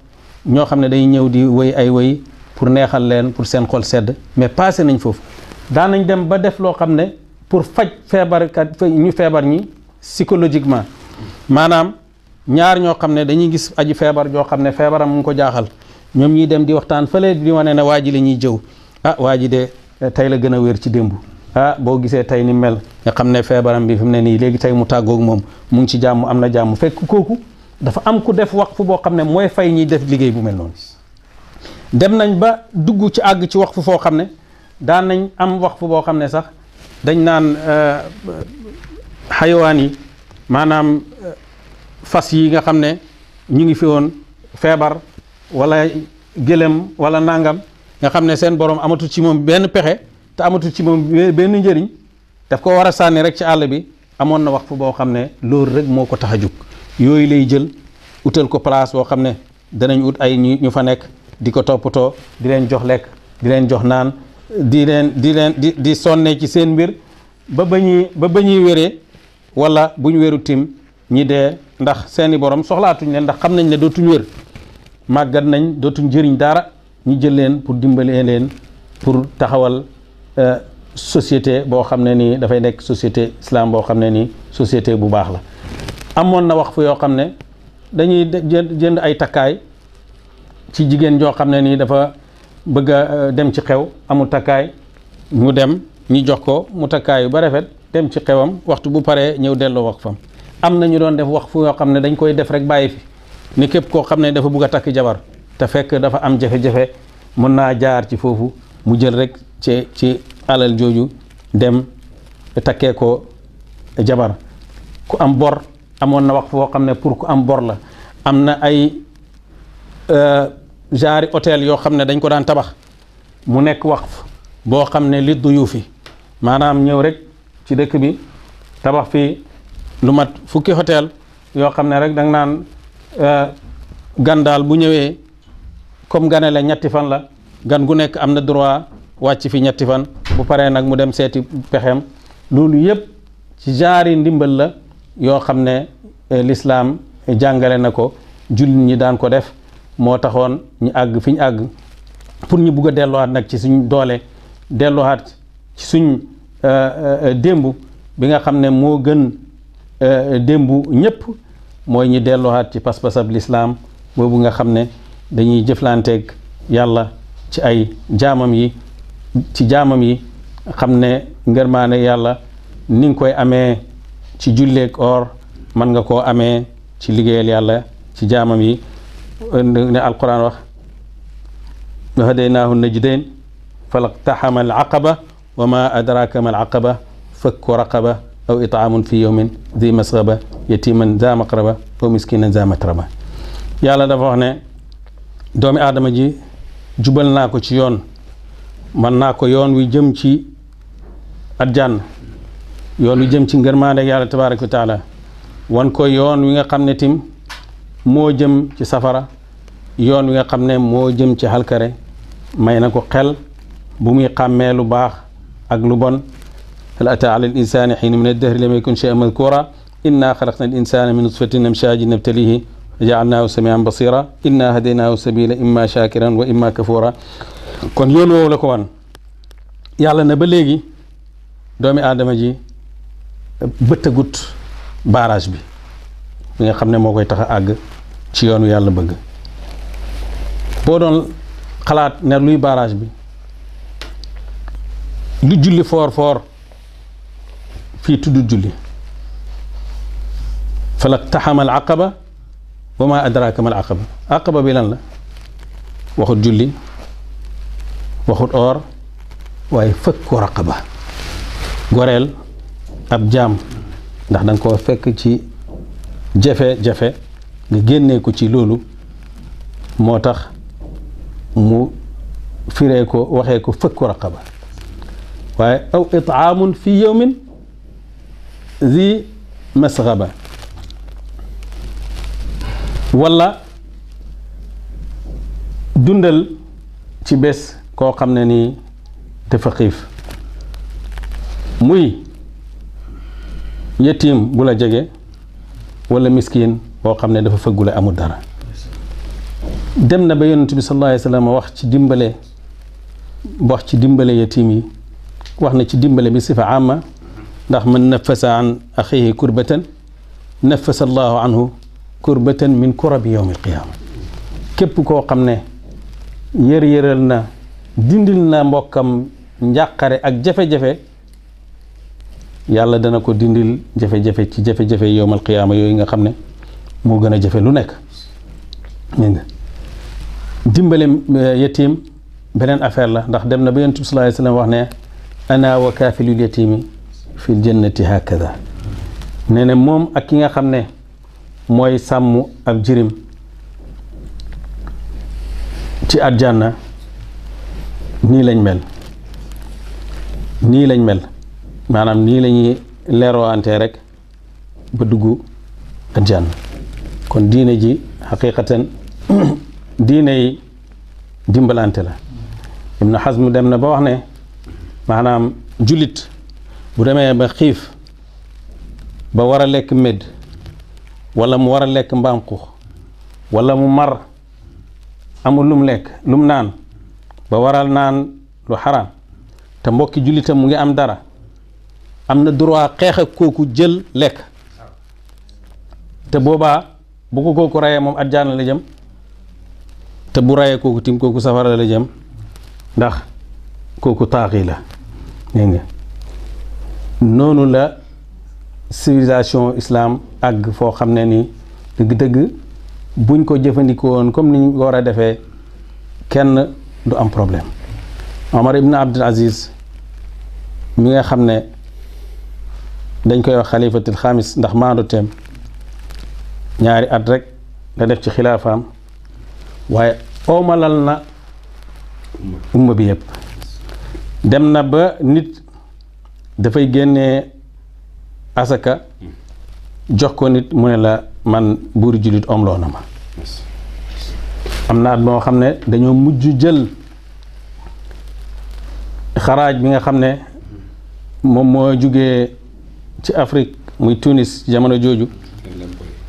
Speaker 2: ñoo xam ne day ñëw di wëy ay wëy pour neexal leen pour seen xool sedd mais passé nañ foofu daan nañ dem ba def loo xam ne pour faj feebarkat ñu feebar ñi psychologiquement maanaam ñaar ñoo xam ne dañuy gis aju feebar joo xam ne feebaram mu ko jaaxal ñoom ñuy dem di waxtaan fële di wane ne waa ji la ñuy jëw ah waa ji de eh, tey la gën a wér ci démb ah boo gisee tey ni mel nga xam ne feebaram bi fi mu ne nii léegi tey mu tàggook moom mu ngi ci jàmm am na jàmm fekk kooku dafa am ku def wax fu boo xam ne mooy fay ñiy def liggéey bu mel noonu dem nañ ba dugg ci àgg ci wax fu foo xam ne daan nañ am wax fu boo xam ne sax dañ naan euh, xayawaan yi maanaam euh, fas yi nga xam ne ñu ngi fi feebar wala gëlëm wala nangam nga xam ne seen borom amatu ci moom benn pexe te amatul ci moom benn njëriñ daf ko war a sànni rek ci àll bi amoon na wax fu boo xam ne loolu rek moo ko tax a jóg yooyu lay jël utal ko place boo xam ne danañ ut ay ñu fa nekk di ko toppatoo di leen jox lekk di leen jox naan di leen di leen di di sonne ci seen mbir ba ba ñuy ba ba wéree wala bu ñu wéru tim ñi dee ndax seeni borom soxlaatuñ leen ndax xam nañ ne dootuñ wér màggat nañ dootuñ jëriñ dara ñu jël leen pour dimbale leen pour taxawal Euh, société boo xam ne nii dafay nekk société islam boo xam ne nii société bu baax la amoon na wax fu yoo xam ne dañuy jënd ay takkaay ci jigéen joo xam ne nii dafa bëgg a euh, dem ci xew amul takkaay mu dem ñu jox ko mu takkaay ba rafet dem ci xewam waxtu bu pare ñëw delloo wax fam am na ñu doon def wax fu yoo xam ne dañ koy def rek bàyyi fi ni képp koo xam ne dafa bëgg takk jabar te fekk dafa am jafe-jafe mën naa jaar ci foofu mu jël rek ci ci alal jooju dem takkee ko jabar ku am bor amoon na wax foo xam ne pour ku am bor la am na ay euh, genre hôtel yoo xam ne dañ ko daan tabax mu nekk wax boo xam ne li du yu fi maanaam ñëw rek ci dëkk bi tabax fi lu mat fukki hôtel yoo xam ne rek da nga naan euh, gan daal bu ñëwee comme ganale ñetti fan la gan gu nekk am na droit wàcc fi ñetti fan bu paree nag mu dem seeti pexeem loolu yëpp ci jaari ndimbal la yoo xam ne eh, lislaam jàngale na ko jullit ñi daan ko def moo taxoon ñu àgg fi ñu àgg pour ñu bugg a delluwaat nag ci suñ doole delluwaat ci suñ eh, eh, démb bi nga xam ne moo gën démb ñëpp mooy ñi delluwaat ci pas-pasab lislaam boobu nga xam ne dañuy jëflanteeg yàlla ci ay jaamam yi ci jaamam yi xam ne ngërmaane yàlla ni nga koy amee ci julleeg or mën nga koo amee ci liggéeyal yàlla ci jaamam yi ne alquran wax wa hadaynaahu najdayn falaqtaxama alaqaba wa ma adraka ma alaqaba fakku raqaba aw itaamun fi yowmin di masraba yatiman za maqraba aw miskinan za matraba yàlla dafa wax ne doomi aadama ji jubal naa ko ci yoon mën naa ko yoon wi jëm ci àjjana yoon wi jëm ci ngërmaande yàlla tabaaraka wa taala wan ko yoon wi nga xam ne tim moo jëm ci safara yoon wi nga xam ne moo jëm ci halkare may na ko xel bu muy xàmmee lu baax ak lu bon hal ataa ala al insani xiinu min addahri lam yakun shay'an madkura inna xalaqna al insana min nutfatin amshaaji nabtalihi jaalnaahu samian basira inna hadaynaahu sabila imma shakiran wa imma kafura kon yoon woowu la ko wan yàlla na ba léegi doomi aadama ji bëtagut barrage bi bi nga xam ne moo koy tax a àgg ci yoonu yàlla bëgg boo doon xalaat ne luy barrage bi lu julli foor foor fii tudd julli fala taxamal aqaba wa ma adraka aqaba aqaba bi lan la waxut julli waxut or waaye fëkku raqaba goreel ab jaam ndax danga ko fekk ci jafe-jafe nga génnee ko ci loolu moo tax mu firee ko waxee ko fëkku raqaba waaye aw itaamun fi yowmin zi masxaba wala dundal ci bés koo xam ne nii dafa xiif muy yetiim bu la jege walla miskin boo xam ne dafa fëggule amul dara dem na ba yonent bi sallallahu alayhi wax ci dimbale wax ci dimbale yetiim yi wax na ci dimbale bi sifa amma ndax mën nafasa an axihi kurbatan nafasa allahu kurbatan min kurabi yowmi alqiyaama képp koo xam ne yër yëral na dindil na mbokkam njàqare ak jafe-jafe yàlla dana ko dindil jafe-jafe ci jafe-jafe yowmal qiyaama yooyu nga xam ne moo gën a jafe lu nekk dimbale euh, yatiim beneen affaire la ndax dem na ba yonent bi sallallaahu alayhi wa sallam wax ne ana kaafilul yatiimi fil jannati hakada nee moom ak ki nga xam ne mooy sàmm ab jirim ci àjjana nii lañ mel nii lañ mel maanaam nii lañuy leerowante rek ba dugg ajjaan kon diine ji xaqiqatan diine yi dimbalante la Ibn mu dem na ba wax ne maanaam jullit bu demee ba xiif ba war a lekk medd wala mu war a lekk mbaam xuux wala mu mar amul lum lekk lum naan ba waral naan lu xaraam te mbokki jullitam mu ngi am dara am na droit xeex kooku jël lekk te boobaa bu ko kooku rayee moom at àjjana la jëm te bu rayee kooku tim kooku safara la jëm ndax kooku taaxi la dégg noonu la civilisation islaam àgg foo xam ne ni dëgg-dëgg buñ ko jëfandikoo comme ni ko war a defee kenn du am problème Omar ibn Abdul Aziz mi nga xam ne dañ koy wax xalifatul xaamis ndax maandu teem ñaari at rek nga def ci xilaafam waaye oomalal na umma bi yépp dem na ba nit dafay génnee asaka jox ko nit mu ne la man buur jullit omloo na ma am na at moo xam ne dañoo mujj jël xaraaj bi nga xam ne moom moo jugee ci Afrique muy Tunis jamono jooju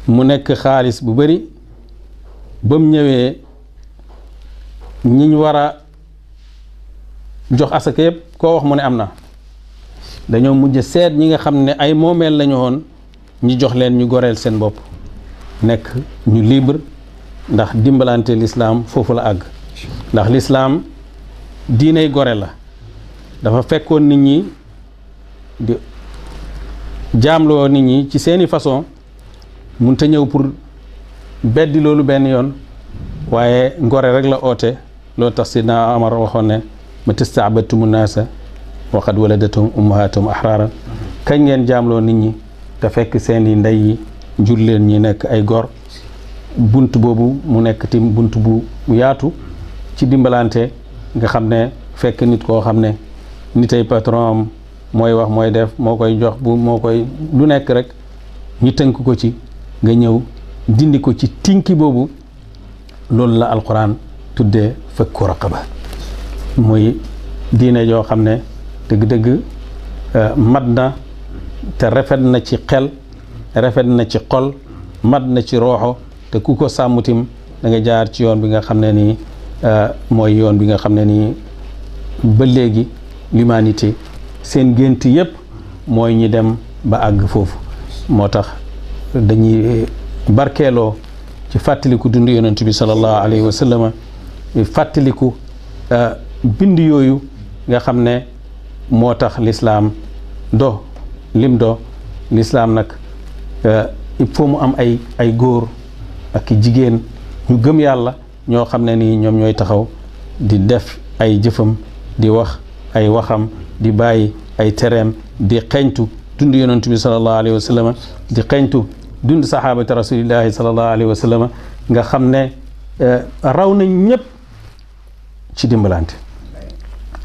Speaker 2: mu nekk xaalis bu bari ba mu ñëwee ñiñ war a jox asaka yëpp koo wax mu ne am na dañoo mujj seet ñi nga xam ne ay moomeel lañu woon ñu jox leen ñu goreel seen bopp nekk ñu libre ndax dimbalante lislaam foofu la àgg ndax lislaam diiney gore la dafa fekkoon nit ñi di jaamloo nit ñi ci seeni façon mun te ñëw pour beddi loolu benn yoon waaye ngore rek la oote loo tax si naa amar waxoon ne ma tastaabatum naasa waqad waladatum ummahatum ahraran kañ ngeen jaamloo nit ñi te fekk seeni ndey yi jur leen ñi nekk ay gor bunt boobu mu nekk tim bunt bu yaatu ci dimbalante nga xam ne fekk nit koo xam ne nitay patron mooy wax mooy def moo koy jox bu moo koy lu nekk rek ñu tënk ko ci nga ñëw dindi ko ci tinki boobu loolu la alquran tuddee fëkku raqaba muy diine joo xam ne dëgg-dëgg euh, mat na te rafet na ci xel rafet na ci xol mat na ci rooxo te ku ko sàmmtim da nga jaar ci yoon bi nga xam ne nii euh, mooy yoon bi nga xam ne nii ba léegi l'humanité seen gént yëpp mooy ñu dem ba àgg foofu moo tax dañuy barkeeloo ci fàttaliku dund yonent bi sallallahu alayhi wa fàttaliku euh, bind yooyu nga xam ne moo tax lislaam do lim do lislaam nag euh, il faut mu am ay ay góor ak jigéen ñu gëm yàlla ñoo xam ne nii ñoom ñooy taxaw di def ay jëfam di wax ay waxam di bàyyi ay tereem di xeñtu dund yonentu bi salallahu alayhi di xeñtu dund saxaabati rasulillahi salallahu alayhi wa sallama nga xam ne eh, raw nañ ñëpp ci dimbalante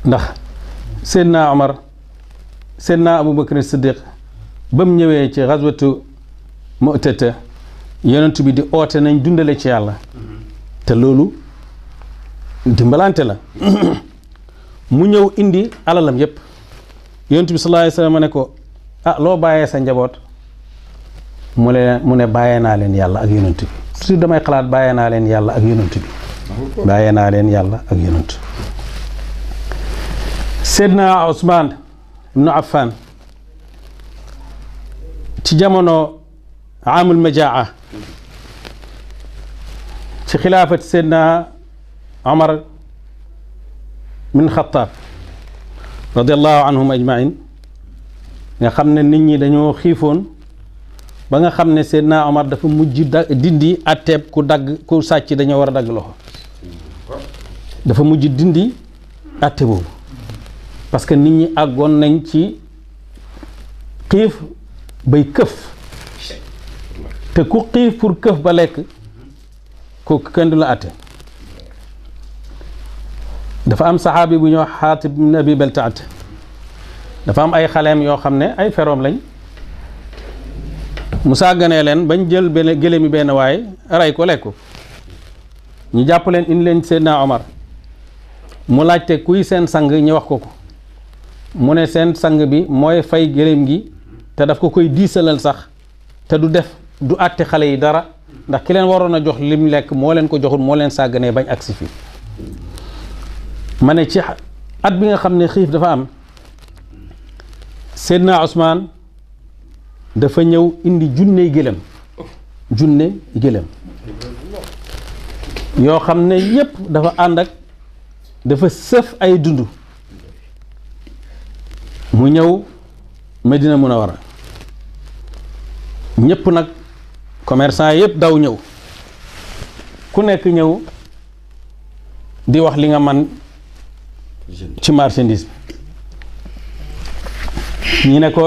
Speaker 2: ndax seydna omar seydna abubakar siddiq ba mu ñëwee ci xaswatu mu'tata yonent bi di oote nañ dundale ci yàlla te loolu dimbalante la mu ñëw indi alalam yépp yonent bi sallallahu alayhi wasallam ne ko ah loo bàyyee sa njaboot mu ne mu ne bàyyee naa leen yàlla ak yonent bi toujours damay xalaat bàyyee naa leen yàlla ak yonent naa leen yàlla ak yonent Affan ci jamono amul majaa ci xilaafat seydna amar min Xataab radiallahu anhum ajmain nga xam ne nit ñi dañoo xiifoon ba nga xam ne seydna Omar dafa mujj da dindi atteeb ku dagg ku sàcc dañoo war a dagg loxo dafa mujj dindi atte boobu parce que nit ñi àggoon nañ ci xiif bay këf te ku pour këf ba lekk kooku kenn du la atte dafa am saxaabi bu ñoo xaatib ibn abi baltaat dafa am ay xaleem yoo xam ne ay feroom lañ mu sàgganee leen bañ jël benn gëléemi benn waaye rey ko lekk ñu jàpp leen indi leen Seydina Omar mu laajte kuy seen sang ñu wax ko ko mu ne seen sang bi mooy fay gëléem gi te daf ko koy diisalal sax te du def du àtte xale yi dara ndax ki leen waroon a jox lim lekk moo leen ko joxul moo leen sàgganee bañ agsi fii ma ne ci at bi nga xam ne xiif dafa am naa Ousmane dafa ñëw indi junne gëlëm junne gëlëm yoo xam ne yépp dafa ànd ak dafa sëf ay dund mu ñëw ma dina a Munawara ñépp nag commerçant yëpp daw ñëw ku nekk ñëw di wax li nga man ci marchandise bi ñu ne ko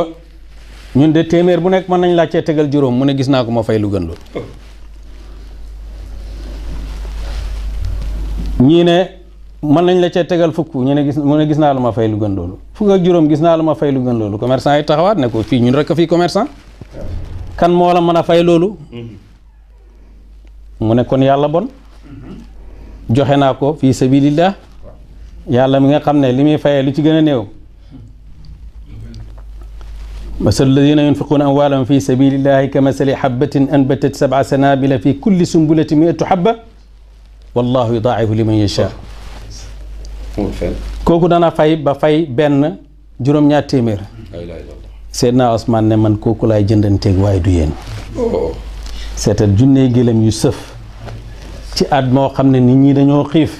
Speaker 2: ñun de téeméer bu nekk mën nañ laa cee tegal juróom mu ne gis naa ko ma fay lu gën loolu ñii ne mën nañ la cee tegal fukk ñu ne gis mu ne gis naa lu ma fay lu gën loolu fukk ak juróom gis naa lu ma fay lu gën loolu commerçant yi taxawaat ne ko fii ñun rek fii commerçant kan moo la mën a fay loolu mm-hmm. mu kon yàlla bon mm-hmm. joxe naa ko fii sabilillah yàlla mi nga xam ne li muy fayee lu ci gën a néew masal ladina yunfiquuna amwaalahum fi sabilillahi ka masali xabatin anbatat sabca sanabila fi kulli sumbulati miatu xabba wallahu yudaaifu liman yasha kooku dana fay ba fay benn juróom Seydina Ousmane ne man kooku laay jëndanteeg waaye du yéen oh. seetal junnee gëlëm yu sëf ci at moo xam ne nit ñi dañoo xiif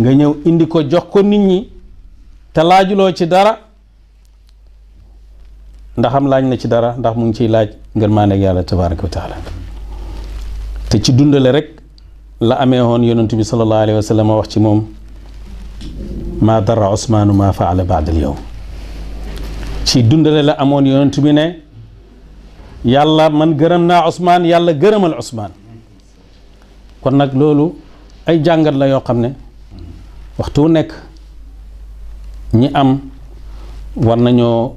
Speaker 2: nga ñëw indi ko jox ko nit ñi te laajuloo ci dara ndaxam laaj na ci dara ndax mu ngi ciy laaj ngër maa yàlla tabaraka wa taala te ci dundale rek la amee woon yonentu bi sallallahu alayhi wa sallam wax ci moom maa dara Ousmaanu maa faala baadal yow ci dundale la amoon yonent bi ne yàlla man gërëm naa osmaan yàlla gërëmal Ousmane kon nag loolu ay jàngat la yoo xam ne waxtu nekk ñi am war nañoo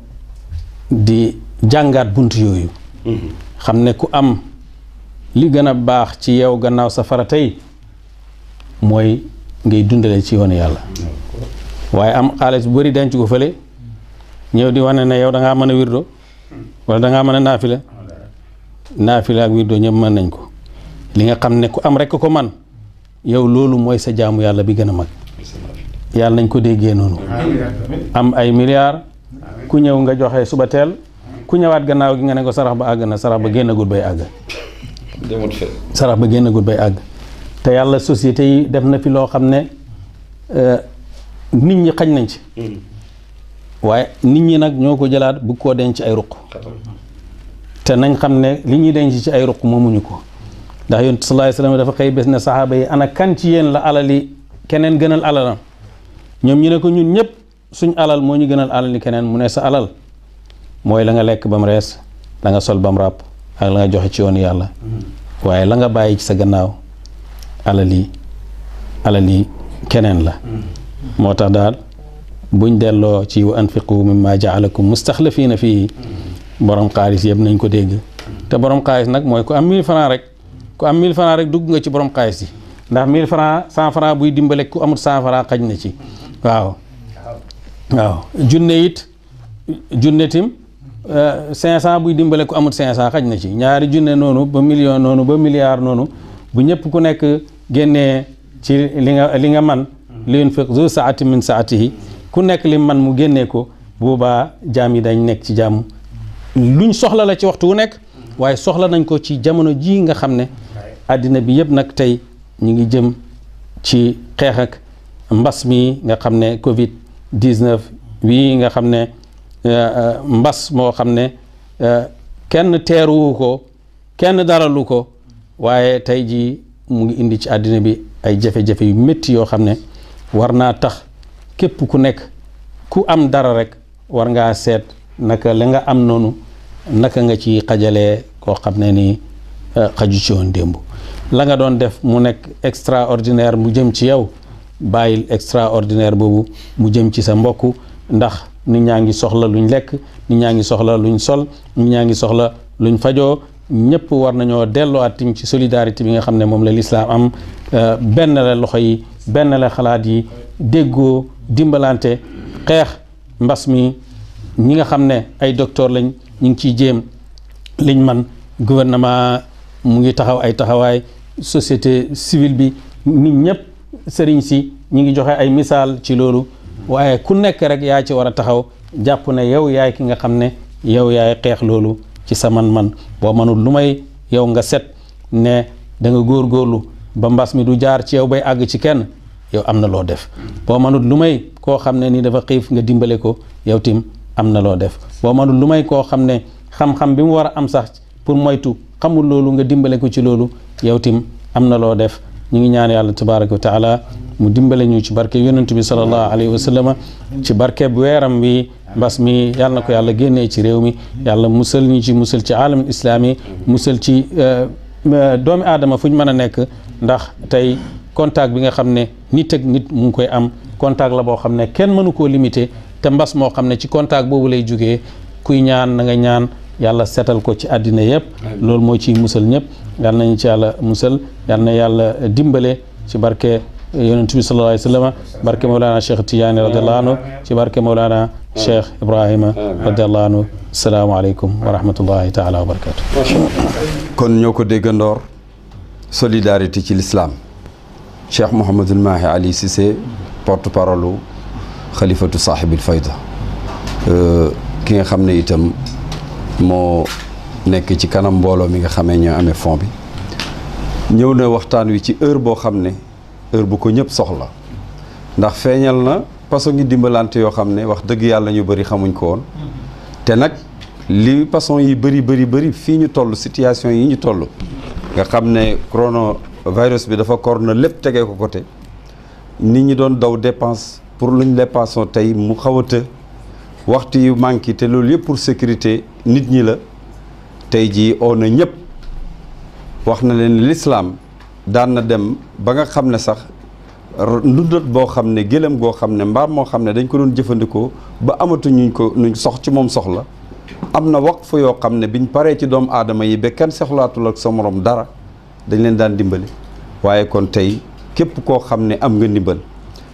Speaker 2: di jàngaat bunt yooyu xam ne ku am li gën a baax ci yow gannaaw safara tey mooy ngay dundale ci yoonu yàlla waaye am xaalis bu bëri denc ko fële ñëw di wane ne yow da ngaa mën a wirdo wala dangaa mën a naafila naafila ak wirdo ñëpp mën nañ ko li nga xam ne ku am rek ko man yow loolu mooy sa jaamu yàlla bi gën a mag yàlla nañ ko déggee noonu am ay milliards ku ñëw nga joxe suba teel ku ñëwaat gannaaw gi nga ne ko sarax ba àgg na sarax ba génn génnagul bay àgg sarax ba génnagul bay àgg te yàlla société yi def na fi loo xam ne euh, nit ñi xañ nañ ci mm. waaye nit ñi nag ñoo ko jëlaat bu koo denc ay ruq te nañ xam ne li ñuy denc ci ay ruq moomuñu ko ndax yonent sallallahu alayhi wasallam dafa xëy bés ne saxaaba yi ana kan ci yéen la alali keneen gënal alalam ñoom ñu ne ko ñun ñëpp suñ alal moo ñu gënal alal keneen mu ne sa alal mooy la nga lekk ba mu rees la nga sol ba mu ak la joxe ci yoon yàlla waaye la nga bàyyi ci sa gannaaw alal yi alal yi keneen la mm. moo tax daal buñ delloo ci wa anfiqu mimma jaalakum mustaxlafiina fii borom xaalis yëpp nañ ko dégg te borom xaalis nag mooy ku am 1000 francs rek ku am 1000 francs rek dugg nga ci borom xaalis yi ndax 1000 francs 100 buy dimbale ku amut 100 francs na ci waaw waaw junne it junne tim euh, buy dimbale ku amul 500 xaj na ci ñaari junne noonu ba million noonu ba milliar noonu bu ñëpp ku nekk génnee ci li nga li nga man li yunfiq zu saati min saatihi ku nekk li man mu génnee ko boobaa jaam yi dañ nekk ci jàmm luñ soxla la ci waxtu wu nekk waaye soxla nañ ko ci jamono ji nga xam ne àddina bi yëpp nag tey ñu ngi jëm ci xeex ak mbas mi nga xam ne covid 19 wii nga xam ne euh, euh, mbas moo xam ne euh, kenn teeruwu ko kenn daralu ko waaye tey ji mu ngi indi ci àddina bi ay jafe-jafe yu métti yoo xam ne war naa tax képp ku nekk ku am dara rek war ngaa seet naka la nga am noonu naka nga ci xajale koo xam ne nii euh, xaju ci woon démb la nga doon def mu nekk extraordinaire mu jëm ci yow bàyyil extraordinaire boobu mu jëm ci sa mbokk ndax nit ñaa ngi soxla luñ lekk nit ñaa ngi soxla luñ sol nit ñaa ngi soxla luñ fajoo ñëpp war nañoo delluwaat tim ci solidarité bi nga xam ne moom la lislaam am euh, benn la loxo yi benn la xalaat yi déggoo dimbalante xeex mbas mi ñi nga xam ne ay docteur lañ ñu ngi ciy jéem liñ man gouvernement mu ngi taxaw ay taxawaay société civile bi nit ñëpp sëriñ si ñu ngi joxe ay misaal ci loolu waaye ku nekk rek yaa ci war a taxaw jàpp ne yow yaay ki nga xam ne yow yaay xeex loolu ci sa man-man boo mënul lu may yow nga set ne da nga góorlu ba mbas mi du jaar ci yow bay àgg ci kenn yow am na loo def boo manut lu may koo xam ne ni dafa xiif nga dimbale ko yow tim am na loo def boo manut lu may koo xam ne xam-xam bi mu war a am sax pour moytu xamul loolu nga dimbale ko ci loolu yow tim am na loo def ñu ngi ñaan yàlla tabaraka wa taala mu dimbale ñu ci barke yonent bi salallahu alayhi wa sallama ci barke bu weeram wi mbas mi yàlla ko yàlla génnee ci réew mi yàlla musal ñu ci musal ci alam islaami musal ci euh, doomi aadama fu ñu mën a nekk ndax tey contact bi nga xam ne nit ak nit mu ngi koy am contact la boo xam ne kenn mënu koo limité te mbas moo xam ne ci contact boobu lay jógee kuy ñaan na nga ñaan yàlla seetal ko ci àddina yëpp loolu moo ciy musal ñëpp yal nañu ci yàlla musal yal na yàlla dimbale ci barke yonent bi sallallahu alayhi wa sallam barke Mawlana Cheikh Tidiane radiallahu ci barke Mawlana Cheikh Ibrahima
Speaker 1: radiallahu anhu salaamaaleykum
Speaker 2: wa rahmatullahi taala wa barakatu
Speaker 1: kon ñoo ko déggandoor solidarité ci lislaam Cheikh Mouhamadul Mahi Ali Cissé porte parole u xalifatu saaxibil fayda euh, ki nga xam ne itam moo nekk ci kanam mbooloo mi nga xamee ñoo amee fond bi ñëw na waxtaan wi ci heure boo xam ne heure bu ko ñëpp soxla ndax feeñal na façon ngi dimbalante yoo xam ne wax dëgg yàlla ñu bëri xamuñ ko woon te nag li façon yi bëri bëri bëri fii ñu toll situation yi ñu toll nga xam ne chrono virus bi dafa kor na lépp tegee ko côté nit ñi doon daw dépense pour luñ dépenson tey mu xaw a të waxtu yu manqué te loolu yëpp pour sécurité nit ñi la tey jii oo na ñëpp wax na leen lislaam daan na dem ba nga xam ne sax ndundat boo xam ne gëlëm goo xam ne mbaam moo xam ne dañ ko doon jëfandikoo ba amatu ñuñ ko nuñ sox ci moom soxla am na waqf yoo xam ne bi ñu paree ci doomu aadama yi ba kenn soxlaatul ak sa morom dara dañ leen daan dimbali waaye kon tey képp koo xam ne am nga ndimbal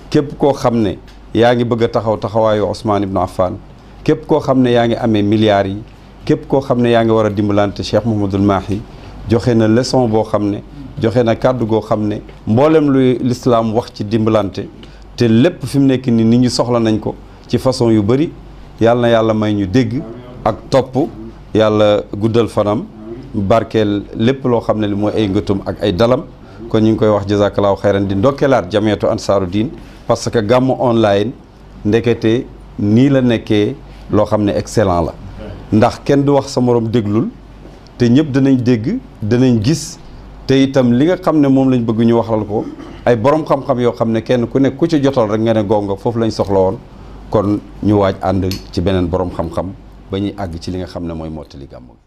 Speaker 1: képp koo xam ne yaa ngi bëgg a taxaw taxawaayu Ousmane Ibn Affan képp koo xam ne yaa ngi amee milliards yi képp koo xam ne yaa ngi war a dimbalante Cheikh Mouhamadul Mahi joxe na leson boo xam ne joxe na kàddu goo xam ne mboolem luy lislaam wax ci dimbalante te lépp fi mu nekk ni nit ñu soxla nañ ko ci façon yu bëri yàlla yàlla may ñu dégg ak topp yàlla guddal fanam barkeel lépp loo xam ne li mooy ay ngëtum ak ay dalam kon ñu ngi koy wax jazakallahu xayran di ndokkeelaat jamiyatu ansaaru diin parce que gàmmu online ndekete nii la nekkee loo xam ne excellent la ndax kenn du wax sa moroom déglul te ñëpp danañ dégg danañ gis te itam li nga xam ne moom lañ bëgg ñu waxal ko ay borom xam-xam yoo xam ne kenn ku nekk ku ci jotal rek nga ne gonga foofu lañ soxla woon kon ñu waaj ànd ci beneen borom xam-xam ba ñuy àgg ci li nga ne mooy mottali gàmmu